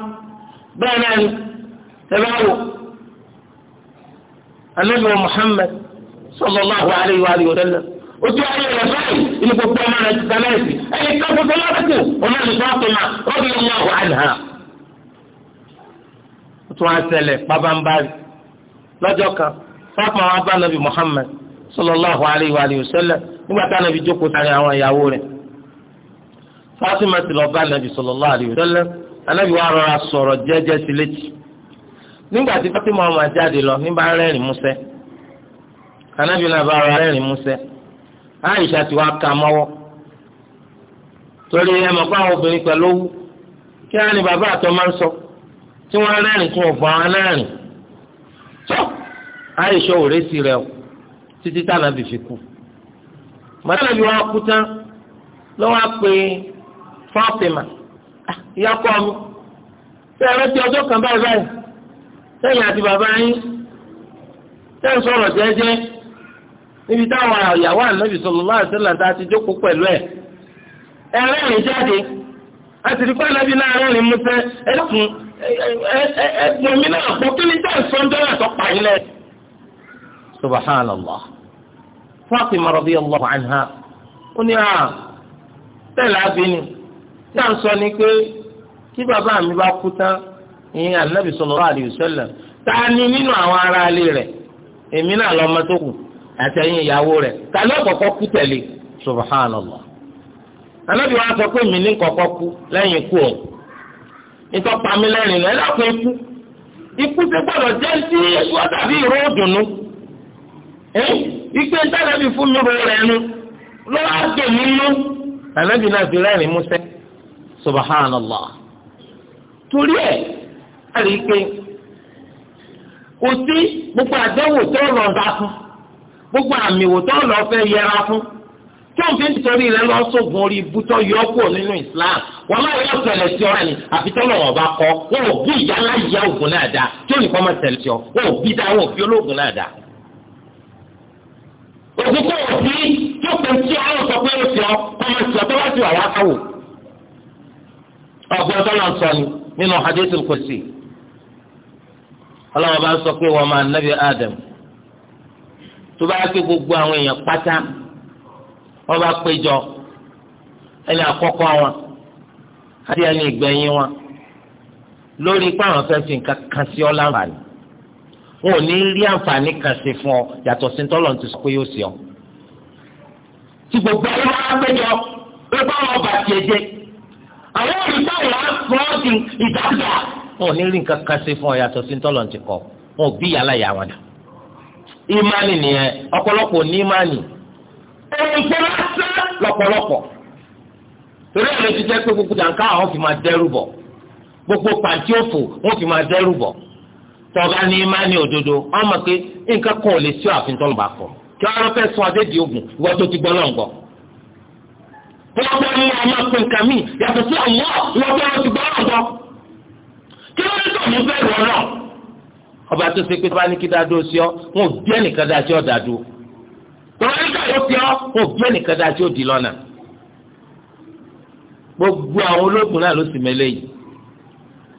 bẹ́ẹ̀ náà ni ẹ̀rọ ànábì Muhammad sallallahu alayhi wa alihi wa sallam ojú ayé rẹ báyìí inú gbogbo ọmọ rẹ ti dáná ẹsì gbogbo lọ́dún ọmọ rẹ tó ọmọ àwọn àná. tún á ṣẹlẹ̀ pabambari lọ́jọ́ kan fáfà wọn bá nàbì sallallahu alayhi wa alihi wa sallam nígbà tá nàbì jókòó sáré àwọn ìyàwó rẹ̀ Fatima ti lọ bá nàbì sallallahu alayhi wa sallam anabi wa rọra Fatima ọmọ lọ nígbà rẹ́rìn anabi náà bá rọra rẹ́rìn Aisha ti wá ka mọ́wọ́ torí mọ̀ àwọn obìnrin pẹ̀lú owó tí wọ́n rẹ́rìn tí wọ́n fọ tó àìsọ òrèsì rẹ títí táwọn fi kú màtàlá bí wọ́n kú tán lọ́wọ́ pé Fátímà ah, ìyá kọ́ mi ọjọ́ kan báyìí báyìí sẹ́yìn àti bàbá yín ń sọ̀rọ̀ jẹ́jẹ́ níbi táwọn ìyàwó ànábì tá a ti jókòó pẹ̀lú ẹ̀ ànábì náà ẹgbẹ́ mi náà fún kí ni táà sọ́ńdọ́rà tó pa yín lẹ. subhanallah Fatima radiyallahu anha ó ní ah, à tẹ̀lé abínú táà àwọn ilé èmi náà tó kù ìyàwó kú sọ pé mi ní kú nítorí pàmí lẹ́rìn lẹ́yìn lápẹ́ ikú ikú ti gbọ́dọ̀ jẹ́ sí wọ́n tàbí ìró òdùnnú ikú ẹ̀ńtà lẹ́bi fún mi ro rẹ̀ nu lọ́wọ́ àgbè mí nú ànábì náà fi rẹ́rìn músẹ́ subhanallah torí ẹ̀ a rí kò sí gbogbo àdéhùn tó lọ́ọ́ bá fún gbogbo àmì wò tó lọ́ọ́ fẹ́ yẹra fún. tí o fi ń torí rẹ lọ sógun orí ibùtọ yọ kúrò nínú Islam wọn máa yọ tẹ́lẹ̀ tí ọ̀rẹ́ ni àfi tọ́lọ̀ wọn bá kọ wọn ò bí ìyá aláìyá ògùn náà dá tí ó nìkan máa tẹ́lẹ̀ tí ọ wọn ò bí dá wọn ò fi olóògùn náà dá. ògùn kò wọ́n sí tí ó pè tí ọ̀rọ̀ sọ pé ó ti ọ ọmọ ìṣọ̀ tó wá sí wàhálà káwò. ọ̀gbọ́n tọ́lọ̀ sọ ni nínú hadithul qudsi ọlọ́wọ́n bá sọ pé wọ́n máa wọ́n bá péjọ ẹni àkọ́kọ́ wọn àti ẹni ìgbẹ̀yìn wọn lórí ipá àwọn fẹ́ẹ́ fi nǹkan kan sí ọ láǹfààní wọn ò ní rí àǹfààní kan sí fún ọ yàtọ̀ sí tọ́lọ̀ ti sọ pé yóò sí ọ. tí gbogbo ẹni wọn á péjọ pé báwọn bá tiẹ̀ jẹ àwọn olùgbà wọn fún ọ di ìdájà wọn ò ní rí nǹkan kan sí fún ọ yàtọ̀ sí tọ́lọ̀ ti kọ wọn ò bí yàrá yà wọn dà. ìmánì nìyẹn ọ̀pọ̀lọpọ̀ ní ìmánì ẹnìkan lásán lọ́pọ̀lọpọ̀ torí ẹ̀ ló ti jẹ́ pé gbogbo jàǹká àwọn fi máa dẹ́rù bọ̀ gbogbo pàǹtí òfò wọ́n fi máa dẹ́rù bọ̀ tọ́ba ní imáni òdodo ọmọ pé nǹkan kan ò lè sí àfin tó ń bá fọ kí wọ́n fẹ́ sọ adédìí ogun ìwọ tó ti gbọ́ náà ń gbọ́. wọ́n gbọ́ ní ọmọ pé nǹkan míì yàtọ̀ sí ọ̀wọ́ lọ́jọ́ ló ti gbọ́ náà gbọ́. kí wọ́n tó ní bẹ́ẹ̀ rọ̀ náà. ọba tó ṣe tọ́wọ́n ká ló fi ọ́ kò bí ẹnìkan dáa tí ó di lọ́nà gbogbo àwọn ológun náà ló sì mẹ́lẹ̀ yìí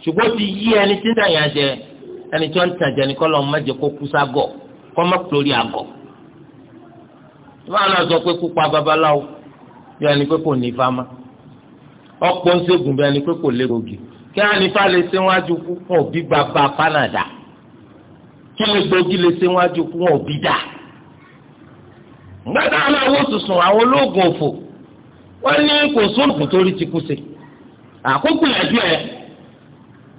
ṣùgbọ́n ti yí ẹni tí ń tàyà jẹ ẹni tí wọ́n ń tàjẹ́ ni kọ́ lọ́n má jẹ kó kú ságọ̀ kọ́ má lórí àgọ̀ báwọn náà sọ pé kú pa babaláwo bí ẹni pé kò ní fama ọ̀pọ̀ ń ṣègùn bí ẹni pé kò lérogi kí wọ́n ní fáwọn lè ṣe wájú kú wọn ò bí bàbá pánàdà kí wọ́n gbógi lè ṣe wájú kú wọn ò bí dáa gbàdá àwọn awó sùsùn àwọn olóògùn òfò wọ́n ní kò sóògùn torí ti kú sí àkókò ìyàjú ẹ̀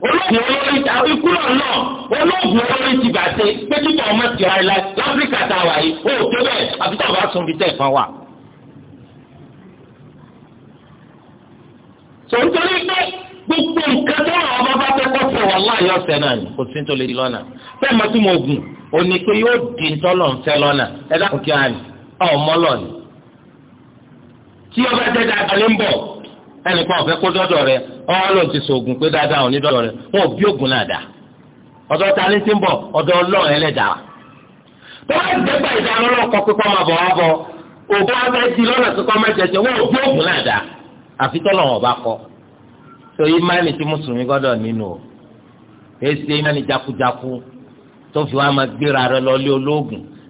olóògùn olórí ta ikú náà náà olóògùn olórí ti bàtẹ pé kíkọ ọmọ ti ra ilá láfíríkà tá a wà yìí ó tó bẹ́ẹ̀ àbí tá a bá sun bí tẹ̀ fún wa. sọ̀tọ́rí pé gbogbo nǹkan tó wà ọba bá fẹ́ kọ́ wa láàyè ọ̀sẹ̀ náà ni kò sí nítorí lọ́nà bẹ́ẹ̀ mọ́tò mọ́ ogun òní pé yóò di ntọ́lọ̀ ń fẹ́ lọ́nà ẹ dákun kí á nì. ọmọlọ ni tí ọba jẹ dáadáa ń bọ̀ ẹnìkan ọ̀fẹ́ kó dọ́dọ̀ rẹ ọlọ́run ti pé dáadáa ò dọ́dọ̀ rẹ wọn ò bí ògùn náà dà ọ̀dọ̀ ta ni ti ń bọ̀ ọ̀dọ̀ ọlọ́run ìdẹ́gbà ìdáná pípọ́ máa bọ̀ wá bọ̀ òbí di lọ́nà tó kọ́ tí jakujaku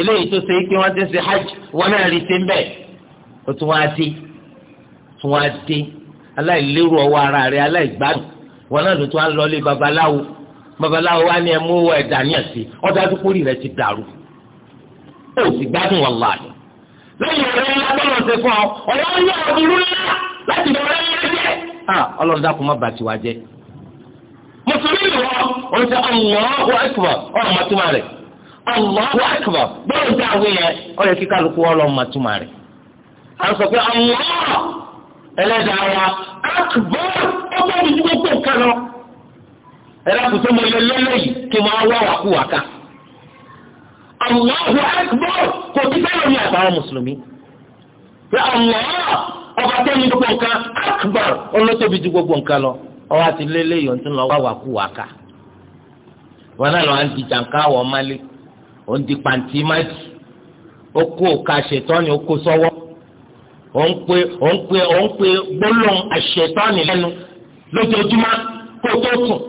eléyìí tó ṣe pé wọ́n ti ń ṣe hajj wọ́n náà rí ṣe ń bẹ̀ ó tún wá dé tún wá dé aláìlérò ọwọ́ ara rẹ̀ aláìgbádùn wọ́n náà ló tún wá lọ lé babaláwo babaláwo wá ní ẹmú owó ẹ̀dá ní ẹ̀sìn ọ̀dà àdúgbòrì rẹ̀ ti dàrú ó sì gbádùn wọn láàyè lẹ́yìn ọ̀rẹ́ ńlá bọ́lọ̀ ṣe fún ọ ọ̀rẹ́ ńlá ọ̀dúnrún ńlá láti bẹ̀rẹ̀ ńlá jẹ́ ọlọ́run dákun má bàtì wá jẹ́ mùsùlùmí wọ́n Allahu akbar bọ́ọ̀lù tí a wí yẹn ó yẹ kí kálukú wọn lọ mọ túmọ̀ rẹ̀ à ń sọ pé Allah ẹlẹ́dàá wa akbar ọgbọ́n mi ti gbogbo nǹkan lọ kí n máa wá ká Allahu akbar kò sí bẹ́ẹ̀ ní àtàwọn mùsùlùmí pé Allah ọba nǹkan akbar olótóbi nǹkan lọ ó ń di pàǹtí máìkì ó kó òka ṣètọ́ni ó kó sọ́wọ́ ó ń pe ó ń pe ó ń pe gbólóhùn àṣetọ́ni lẹ́nu lójoojúmọ́ kó tó sùn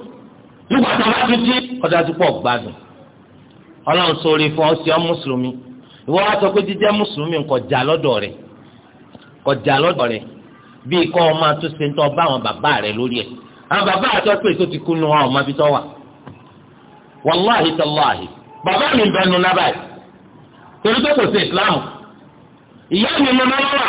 nígbà tó bá ti dí ọ̀dà tó pọ̀ gbádùn ọlọ́run sọ̀rọ̀ ìfọ̀ ọ̀sẹ̀ ọ́ mùsùlùmí ìwọ wá sọ pé jíjẹ́ mùsùlùmí kò já lọ́dọ̀ rẹ̀ kò já lọ́dọ̀ rẹ̀ bíi kọ́ ọ máa tún ṣe ń tọ́ bá àwọn bàbá rẹ̀ lórí ẹ̀ àwọn bàbá àti ọ̀pẹ̀ tó ti kú nu wọn ọ̀ bàbá mi bẹ nu náà báyìí torí pé kò sí islam ìyá mi nu náà wà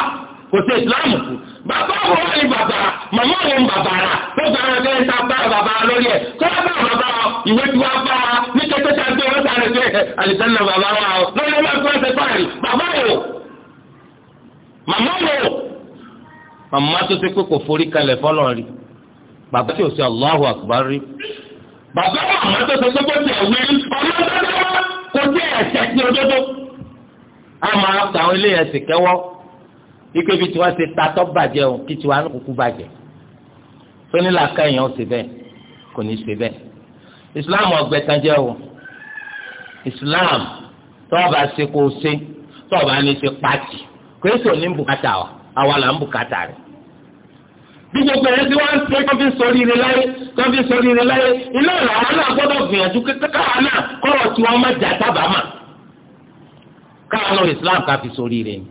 kò sí islam kù bàbá wo wà ní bàbá màmá wo ń bàbá rà tó bá rẹ lẹ́yìn tá a bá bàbá lórí ẹ̀ tó bá bá bàbá ìwé tí wàá bá ní kété tá a gbé wọn sáré pé àlìsánná bàbá wa o lórí ọmọ ẹgbẹ́ ẹsẹ̀ fáàrí bàbá wo màmá wo màmá tó ti pé kò forí kalẹ̀ fọlọ́ rí bàbá tí ò sí Allahu Akbar rí bàbá àwọn tó tó tó tẹ̀ wí ọlọ́dọ́dọ́ kò tẹ̀ ẹ̀sẹ̀ sí òdodo. a máa ka àwọn ilé ẹ̀sìn kẹ́wọ́ ike bí tiwa ṣe ta tọ́ bàjẹ́ o kí tiwa ní kúkú bàjẹ́ fúnilà kẹ́yìn ó ṣe bẹ́ẹ̀ kò ní ṣe bẹ́ẹ̀ Islam ọgbẹ́tanjẹ́ o Islam tọ́ọ̀bà ṣe kò ṣe tọ́ọ̀bà ní ṣe pàtì kò èso ní bùkátà wa àwa là ń bùkátà rẹ̀ bí gbogbo ẹ̀rẹ́ tí wọ́n ń ṣe kọ́fí sórí rẹ láyé kọ́fí sórí rẹ láyé iná làwọn náà gbọ́dọ̀ gbìyànjú káwọn náà kọ́rọ̀ tí wọ́n má jà tábàámà káwọn náà Islam káfí sórí rẹ ni.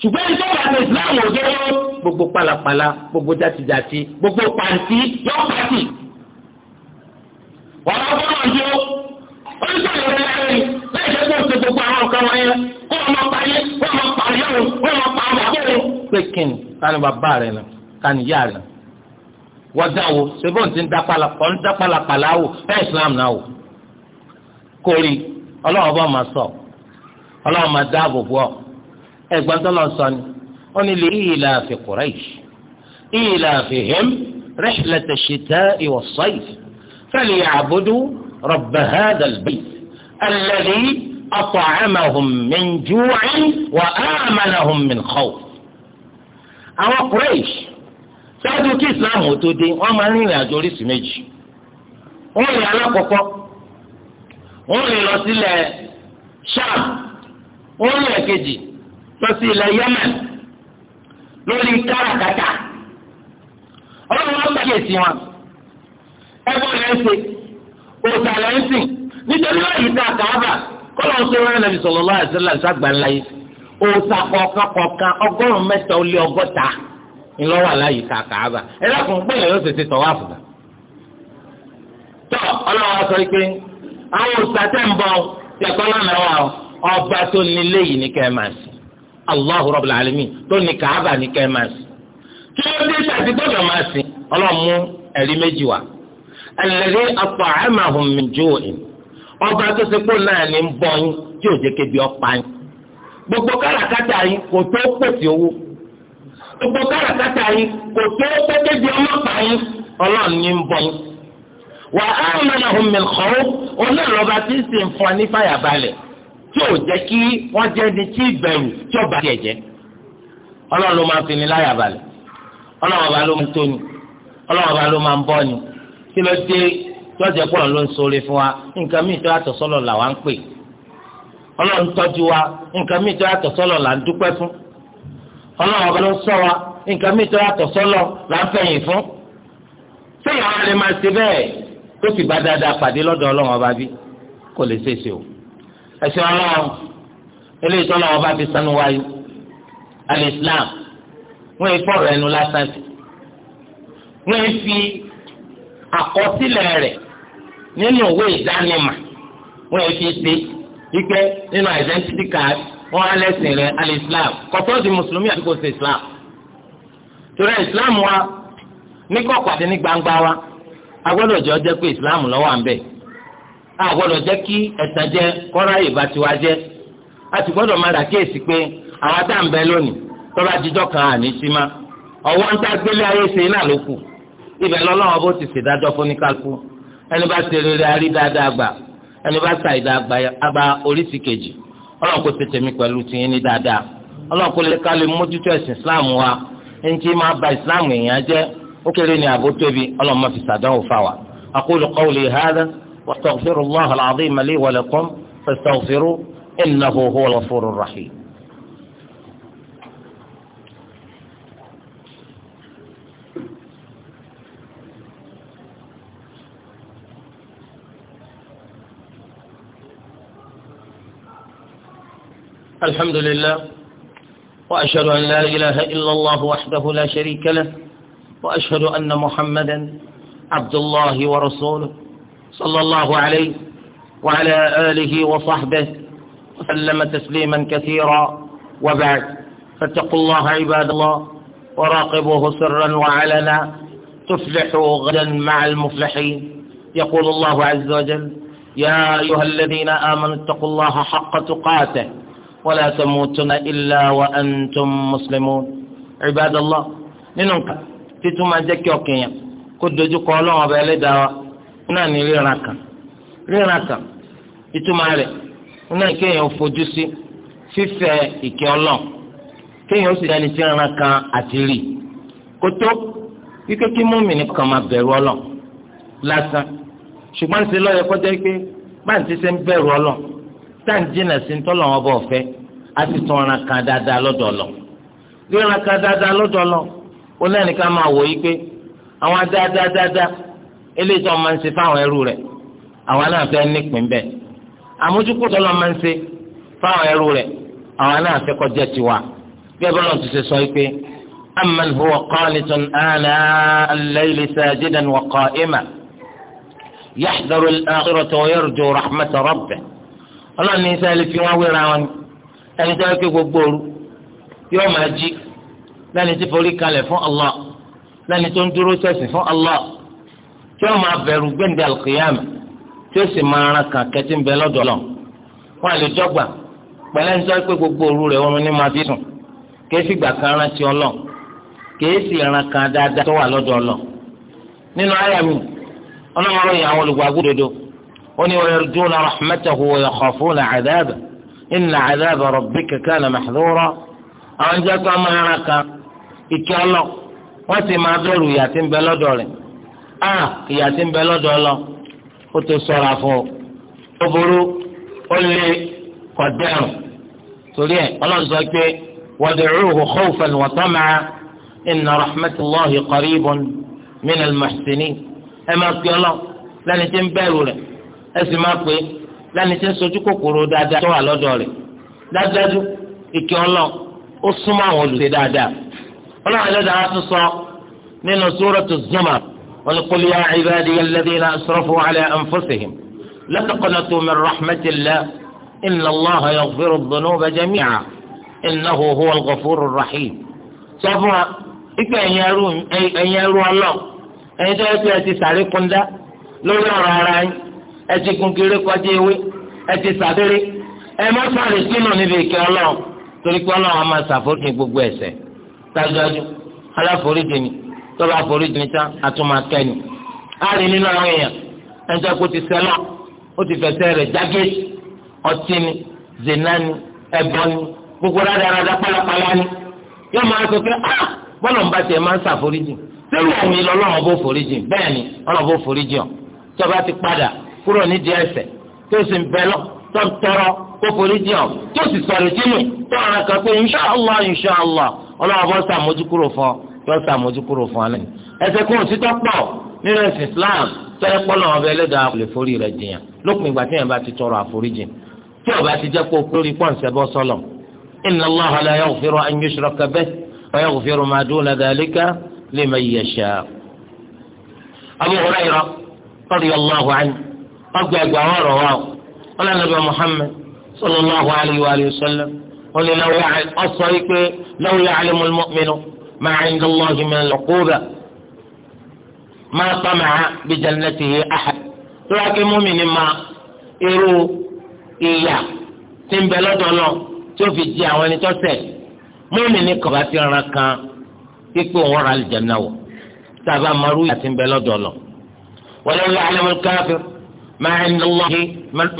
ṣùgbọ́n ẹni tó bá ní Islam ò dé wọ́n gbogbo pálapàla gbogbo játijàti gbogbo pàǹtí yóò pàtì. wọ́n á bọ́ wọn jó oníṣòwò rẹ láyé láì jẹ́ kó o ṣe gbogbo àwọn nǹkan wọ̀nyẹn kó o máa parí kó o máa parí kàníyà rẹ̀ wọ́n dá wo ṣebí òun ti ń dá pàlàpàlà wò fẹ́ Islam náà wò kórì ọlọ́wọ́n bá máa sọ ọlọ́wọ́n máa dáàbò bọ́ ẹ̀gbọ́n tó lọ sọ ni ó ní lè ìlà fi Quraysh ìlà fi him rihlata shita'i was-sayf falyabudu rabba hadha al-bayt alladhi at'amahum min ju'in wa amanahum min khawf àwọn ṣáájú kí islam ò tó dé wọ́n máa ń rìnrìn àjò oríṣi méjì wọ́n rìn alákọ̀ọ́kọ́ wọ́n rìn lọ sílẹ̀ sham wọ́n rìn ẹ̀kejì lọ sí ilẹ̀ yemen lórí káràkátà ọlọ́run wọn pàkíyèsí wọn ẹgbọ́n rẹ̀ ń ṣe òòtà rẹ̀ ń sìn nítorí wọn yìí ta kàába kọ́lọ̀ sọ wọn nàbì sallallahu alaihi wasallam ṣàgbà ńlá yìí òòtà kọ̀ọ̀kan kọ̀ọ̀kan ọgọ́rùn-ún mẹ́ta ó lé ọgọ́ta. ńlọ́wọ́ aláyìí ká kàába ẹ dákun pé èèyàn yóò ṣèṣe tọ́wọ́ àfùgbà. tọ́ ọlọ́wọ́ sọ pé àwọn òṣìṣẹ́ ń bọ̀ tẹ̀kọ́ lánàá wa ọba tó ní léyìí ní kẹ́màsì Allahu Rabbil Alamin tó ní kàába ní kẹ́màsì. kí ló dé tàbí gbọ́dọ̀ máa sìn ọlọ́mú ẹ̀rí méjì wa alladhi at'amahum min gbogbo káràkátà yín kò tó pété di ọlọ́pàá yín ọlọ́run ní ń bọ̀ yín. wà á mẹ́nà omi ọ̀hún onílọ́ba tí ń sìn fún ọ ní fàyàbalẹ̀ tí ò jẹ́ kí wọ́n jẹ́ ní tí ìbẹ̀rù tí ó bá tiẹ̀ jẹ́. ọlọ́run ló máa ń fini láyàbalẹ̀ ọlọ́run ọba ló máa ń tóni ni kí ló dé lọ́jọ́ pọ̀ ló ń sọ̀rọ̀ fún wa nǹkan míì tó yàtọ̀ sọ́lọ̀ là ń pè ọlọ́run tọ́jú wa nǹkan míì tó yàtọ̀ sọ́lọ̀ là ń dúpẹ́ fún ọlọ́run ọba ló sọ wa nǹkan mi tó yàtọ̀ sọ́lọ̀ là ń fẹ̀yìn fún. sẹ́yìn àwọn àlè máa ṣe bẹ́ẹ̀ tó sì bá dáadáa pàdé lọ́dọ̀ ọlọ́run ọba bí kò lè ṣe é ṣe o. ẹ̀sìn ọlọ́run eléyìí tó ọlọ́run ọba fi sanu wáyé alìsílám wọ́n yìí fọ̀rọ̀ ẹnu lásán sí. wọ́n yìí fi àkọsílẹ̀ rẹ̀ nínú òwe ìdánimọ̀ wọ́n yìí fi ṣe wípé nínú identity wọn á lẹ́sìn rẹ̀ islam di mùsùlùmí àti kò islam torí islam wa ní ní gbangba wa Agbọdọ jọ pé islam lọ́wọ́ à ń bẹ̀ agbọ́dọ̀ kí ẹ̀tàn jẹ kọ́ra ìbá tiwa a ti gbọ́dọ̀ máa dàkíyèsí pé àwọn tá ń bẹ lónìí tọ́ba kan àní sí ma ọwọ ń tá gbélé ayé ṣe náà ló kù bó ti fún ẹni ọlọ́run kò tètè mi pẹ̀lú tìyín ní dáadáa ọlọ́run kò lè ká lè mójútó ẹ̀sìn islam wa ẹni tí máa ba islam èèyàn jẹ́ ó kéré ní àbó tóbi ọlọ́run máa fi sàdánwò fà wá. aqulu qawli hadha wa astaghfirullaha al-azima li wa lakum fastaghfiruhu innahu huwal ghafurur rahim. الحمد لله وأشهد أن لا إله إلا الله وحده لا شريك له وأشهد أن محمدا عبد الله ورسوله صلى الله عليه وعلى آله وصحبه وسلم تسليما كثيرا وبعد فاتقوا الله عباد الله وراقبوه سرا وعلنا تفلحوا غدا مع المفلحين يقول الله عز وجل يا أيها الذين آمنوا اتقوا الله حق تقاته ولا تموتن إلا وأنتم مسلمون عباد الله ننك تتما جكي وكيا كدو جو قولون وبالي داوا ناني ريناكا ريناكا ìtumọ̀ rẹ̀ nínú kéèyàn fojú sí fífẹ́ ìkẹ́ ọlọ́n kéèyàn ó sì fife ike ẹran kan àti rì kótó wípé kí mọ́mìnì kan ti táǹjìnà sí ń tọ́lọ̀ wọn bọ̀ fẹ́ á sì tún ọ̀ràn kan dáadáa lọ́dọ̀ lọ. ríran kan dáadáa lọ́dọ̀ lọ ó lẹ́nu ká wò yí pé àwọn dáadáa eléyìí tó máa ń ṣe fáwọn ẹrú rẹ̀ àwọn náà fẹ́ nípìn bẹ́ẹ̀. àmójúkú tó máa ń ṣe fáwọn ẹrú rẹ̀ àwọn náà fẹ́ kọjá tiwa. bí ẹ bá lọ́n ti ṣe sọ yí pé amman huwa qanitun آناء الليل ساجدا وقائما يحذر الآخرة ويرجو رحمة ربه ọlọ́run ní sẹ́ẹ̀lì fi wọ́n wéra wọn ni ẹni tó gbogbo ooru. yóò máa jí lẹ́ni tí forí kalẹ̀ fún Allah lẹ́ni tó ń dúró sẹ́sìn fún Allah tí ó máa bẹ̀rù tí ó sì máa ń bẹ lọ́dọ̀ lọ. wọn dọ́gba pẹ̀lẹ́ gbogbo ooru rẹ̀ oorun máa fi sùn kìí sì gbà kan rántí ọlọ́ kìí sì ran kan dáadáa tó wà lọ́dọ̀ وني ويرجون رحمته ويخافون عذابه إن عذاب ربك كان محذورا أن جاءت معك إكي الله واتي ما ذلو ياتين بلو آه ياتين بلدول دولي قلت صرفو قبرو قلي قدعو تليه الله زكي ودعوه خوفا وطمعا إن رحمة الله قريب من المحسنين أما الله لن تنبالو ẹ sì máa pè é lẹ́ni tí ń sojú kòkòrò dáadáa tó wà lọ́dọ̀ rẹ̀ dájúdájú ìkẹ́ ọlọ́ọ̀ ó súnmọ́ àwọn olùṣe dáadáa ọlọ́run ẹlẹ́dàá á tún sọ nínú sóràtù Zumar wọn ni qul ya ibadiya alladhina asrafu ala anfusihim la taqnatu min rahmatillah inna Allaha yaghfiru dhunuba jami'a innahu huwal ghafurur rahim sọ fún wa ikọ̀ ẹ̀yin ẹrú ọlọ́ọ̀ ẹ̀yin tó yẹ kí ẹ ti sàrí kúndá lórí ọ̀rọ̀ ara yín ẹ ti gun kéré kọjá ewé ẹ ti sàbẹ̀rẹ̀ ẹ má sàrè sínú níbi ìkẹ́ ọlọ́run torí pé ọlọ́run á máa ṣàforíjì gbogbo ẹ̀ṣẹ̀ tájúdájú aláforíjì ni tọ́lá àforíjì ni tán àtúmọ̀kẹ́ni á rí nínú àwọn èèyàn ẹnjẹ́ kó ti sẹ́lọ̀ ó ti fẹsẹ̀ rẹ̀ jágé ọtí ni zina ni ẹ̀bọ ni gbogbo rádaràdà pálapàla ni yóò máa sọ pé ah bọ́lọ̀ ń bá tiẹ̀ máa ń ṣàforíjì sẹ́wọ̀n mi lọ́lọ́run bó foríjì bẹ́ẹ̀ ni ọlọ́run bó foríjì ọ̀ tí ọba ti padà kúrò nídìí ẹ̀ṣẹ̀ tó sì ń bẹ lọ tó ń tọrọ kó forí jìn ọ tó sì sọ̀rọ̀ sínú tó ara kan pé inṣàlá inṣàlá ọlọ́wọ́ bọ́ sàmójúkúrò fún ọ yọ sàmójúkúrò fún ọ lẹ́yìn ẹ̀ṣẹ̀ kò sí tọ́pọ̀ nínú ẹ̀sìn Islam tọ́yẹ pọ́ lọ́wọ́ bẹ lẹ́dàá kò lè forí rẹ̀ jìyàn lópin ìgbà tí yẹn bá ti tọrọ àforíjìn tí ọba ti jẹ́ kó kórìí pọ́ǹsẹ̀ bọ́ sọ́lọ̀ inna wọn gba ẹgbàá wọn rọ wa o wọn lọ nàbẹ Muhammad sallallahu alayhi wa sallam wọn ni lọ́wọ́ ọsọ yìí pé lọ́wọ́ yà alẹ́ mọ́mìnú máa ń lọ́wọ́ ìmọ̀ lọ́kúbà máa tọ́ màá bí jẹ́nẹ́tì yìí àhà lọ́wọ́ akẹ́ mọ́mìnì máa irú ìyà tí ń bẹ lọ́dọ̀ náà tí ó fi di àwọn ẹni tó ṣẹ̀ mọ́mìnì kọ̀bá ti rán kan pípé òun rà alìjẹ́ náà wọ̀ sábà marú ìyà tí ń bẹ lọ́dọ̀ náà wọ́n lọ́wọ́ yà alẹ́ mọ́ ما عند الله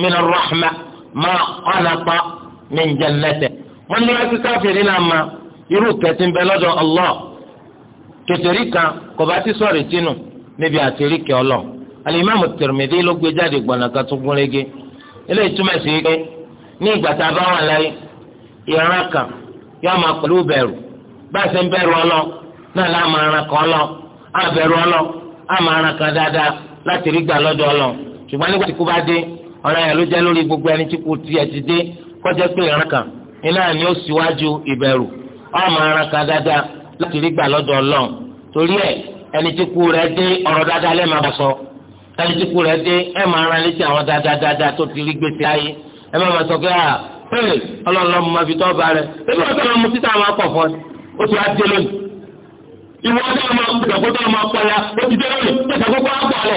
من الرحمة ما قلق من جنته wọ́n ní wáyé káfíìrì náà ma irú kẹtì ń bẹ lọ́dọ̀ Allah kẹtẹ̀rí kan kò bá ti sọ̀rọ̀ tínú níbi àtẹ̀rí kẹ ọlọ́ alimami Tirmidhi ló gbé jáde gbọ̀nà kan tó gún régé eléyìí túmọ̀ sí pé ní ìgbà tá a bá wà láyé ìran kan yóò máa pẹ̀lú bẹ̀rù bá a ṣe ń bẹ̀rù ọlọ́ náà láà máa ran kan ọlọ́ àbẹ̀rù ọlọ́ àmà ran kan dáadáa láti rí gbà lọ́dọ̀ ọlọ́ ṣùgbọ́n nígbà tí kú bá dé ọ̀rọ̀ yẹn ló jẹ́ lórí gbogbo ẹni tí kú tiẹ̀ ti dé kọjá pé ìran kan iná ni ó síwájú ìbẹ̀rù ọmọ ìran kan dáadáa láti rí gbà lọ́dọ̀ ọlọ́run torí ẹ̀ ẹni tí kú rẹ̀ dé ọ̀rọ̀ dáadáa lẹ́ẹ̀ máa sọ ẹni tí kú rẹ̀ dé ẹ̀ máa ran létí àwọn dáadáa dáadáa tó ti rí gbèsè ayé ah, ẹ̀ máa sọ pé à ee ọlọ́run máa fi tọ́ ba rẹ̀ ebi wọn tọ́lọ́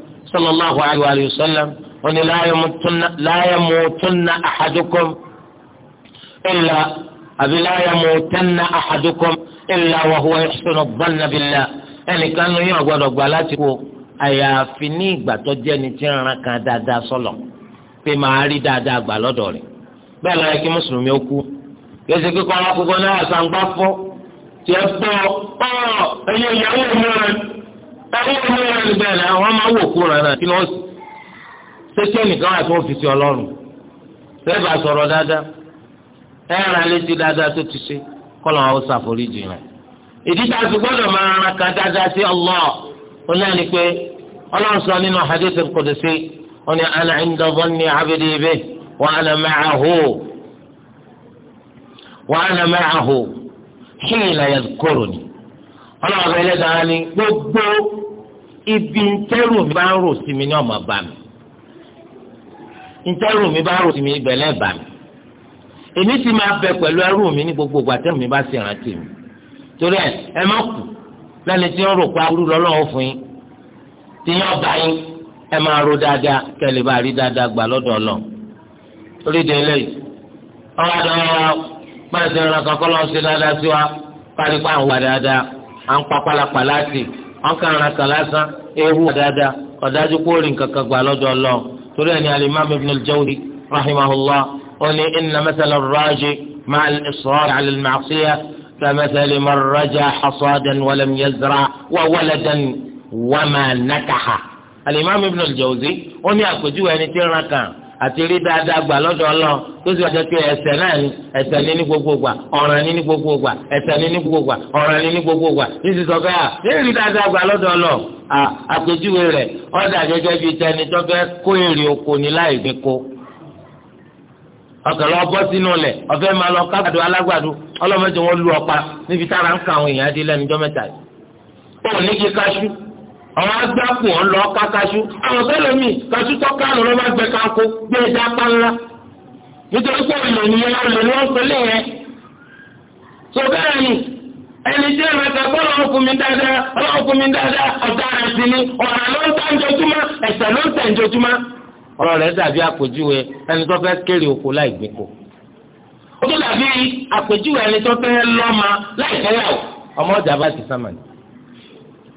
sallallahu alayhi wa sallam wọ́n ní la yamutunna ahadukum illa àbí la yamutanna ahadukum illa wa huwa yahsunu dhanna billah ẹnìkan ló yàn gbọ́dọ̀ gbà láti kú àyàfi ní ìgbà tó jẹ́ ni tí ń ran kan dáadáa sọlọ pé màá rí dáadáa gbà lọ́dọ̀ rẹ̀ bẹ́ẹ̀ lọ yẹ kí mùsùlùmí ó kú yẹsẹ kíkọ alákòókò náà sàǹgbà fọ tiẹ̀ fọ ọ ẹyẹ ìyàwó mi rẹ. tàbí wọn mú wọn bẹ́ẹ̀ náà wọn máa wò kúrò náà kí ni wọn ṣètò nìkan wà tó fi ti ọlọ́run sẹ́ẹ̀bà sọ̀rọ̀ dáadáa ẹ̀ràn létí dáadáa tó ti ṣe kọ́lọ̀ àwọn ṣàforíjì rẹ̀ ìdí tá a ti gbọ́dọ̀ máa ran kan dáadáa sí Allah ó náà ni pé ọlọ́run sọ nínú hadith al-Qudsi ó ní ana inda dhanni abdi bi wa ana ma'ahu wa ana ma'ahu hina yadhkuruni ọlọ́run ọ̀bẹ gbogbo. ibi ntẹ́rù mi bá ń rò sí mi ní ọmọ bá mi ntẹ́rù mi bá rò sí mi ibẹ̀ lẹ́ẹ̀ bá mi èmi sì máa bẹ pẹ̀lú ẹrù mi ní gbogbo ìgbà tẹ́rù mi bá sì rántí mi torí ẹ ẹ má kù lẹ́ni tí wọ́n rò pé aburú lọ́lọ́run fún yín tí yín ọba yín ẹ máa ro dáadáa kẹ́lẹ́ bá rí dáadáa gbà lọ́dọ̀ ọlọ́ torí délé ọ̀rọ̀ àdáwọ̀ máa ń sẹ́ran kankan lọ́wọ́ sí dáadáa sí wa kárí pa wà dáadáa à ń pa pálapàla sí i wọn kàn ra kàn lásán ewu ọ̀dáadá ọ̀dájú kórè nkankan gbà lọ́dọ̀ lọ torí ẹni alimami ibn al-jawzi rahimahullah oni inna masala raji ma'a al-israr ala al-ma'siyah كمثل من رجع حصادا ولم يزرع وولدا وما نكح الإمام ابن الجوزي ó ní àpèjúwe ẹni tí ń ra kan àti rí dáadáa gbà lọ́dọ̀ ọlọ́run tó sì wájú pé ẹ̀ṣẹ̀ náà ni ẹ̀ṣẹ̀ ní ní gbogbo gbà ọ̀ràn ní ní gbogbo gbà ẹ̀ṣẹ̀ ní ní gbogbo gbà ọ̀ràn ní gbogbo gbà sọ pé à rí dáadáa gbà lọ́dọ̀ ọlọ́run àpèjúwe rẹ̀ ọ̀dà gẹ́gẹ́ bíi tẹni tó fẹ́ kó èrè oko láì fi kó bọ́ sínú ọ̀fẹ́ máa lọ àwọn agbáko ọ̀ ń lọ ká kaṣú àwọn sẹ́lẹ̀ mi kaṣú tọ́ka lọ lọ́ba gbẹ káko gbé ẹja pa ńlá nítorí pé ọ̀nà ni ọ̀nà ni wọ́n pẹ̀lẹ́ yẹn. sọ bẹ́ẹ̀ ni ẹni tí ẹ̀rọ ẹ̀ka kọ́ ọ̀rọ̀ ọkùnrin dáadáa ọ̀rọ̀ ọkùnrin dáadáa ọ̀tá rẹ̀ sí ni ọ̀rọ̀ ló ń tà ń jojúmọ́ ẹ̀sẹ̀ ló ń tẹ̀ ń jojúmọ́. ọ̀rọ̀ rẹ̀ dàbí àpèjúwe ẹni tó fẹ́ kéré oko láì gbé ko. ó tó dàbí àpèjúwe ẹni tó fẹ́ lọ́ma láì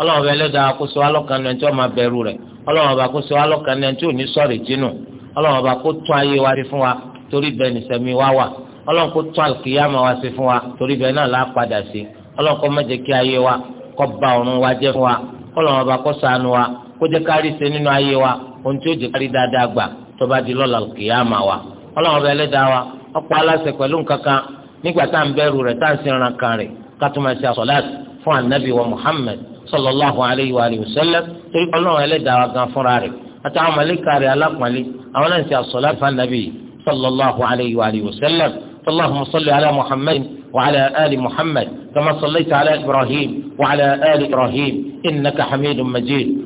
ọlọ́run ọba ẹlẹ́dàá kó sọ alọ́kan tí wọ́n máa bẹ̀rù rẹ̀ ọlọ́run ọba kó sọ tí ò ní sọ̀rì jínú ọlọ́run ọba kó tún ayé wa rí fún wa torí bẹ́ẹ̀ wa wà ọlọ́run kó tún wa sí wa torí bẹ́ẹ̀ la sí ọlọ́run kó má jẹ́ kí wa ba ọ̀run wa wa ọlọ́run ọba wa kó jẹ́ kárí wa ohun tí ó jẹ́ kárí dáadáa gbà sallallahu alayhi wa sallam torí ọlọ́run ẹlẹ́dàá wa gan fúnra rẹ̀ àtàwọn màlẹ́kà rẹ̀ alápọ̀nlé àwọn náà ń ṣe àsọ̀lá fanabi sallallahu alayhi wa sallam allahumma salli ala muhammad wa ala ali muhammad kama sallaita ala ibrahim wa ala ali ibrahim innaka hamidun majid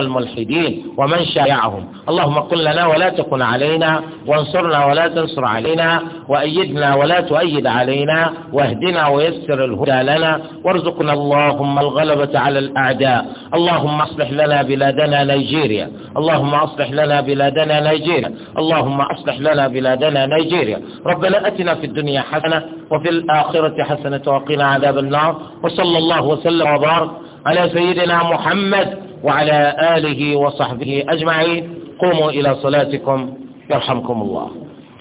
والملحدين ومن شايعهم اللهم قل لنا ولا تكن علينا وانصرنا ولا تنصر علينا وأيدنا ولا تؤيد علينا واهدنا ويسر الهدى لنا وارزقنا اللهم الغلبة على الأعداء اللهم اصلح لنا بلادنا نيجيريا اللهم اصلح لنا بلادنا نيجيريا اللهم اصلح لنا بلادنا نيجيريا ربنا أتنا في الدنيا حسنة وفي الآخرة حسنة وقنا عذاب النار وصلى الله وسلم وبارك على سيدنا محمد وعلى آله وصحبه أجمعين قوموا إلى صلاتكم يرحمكم الله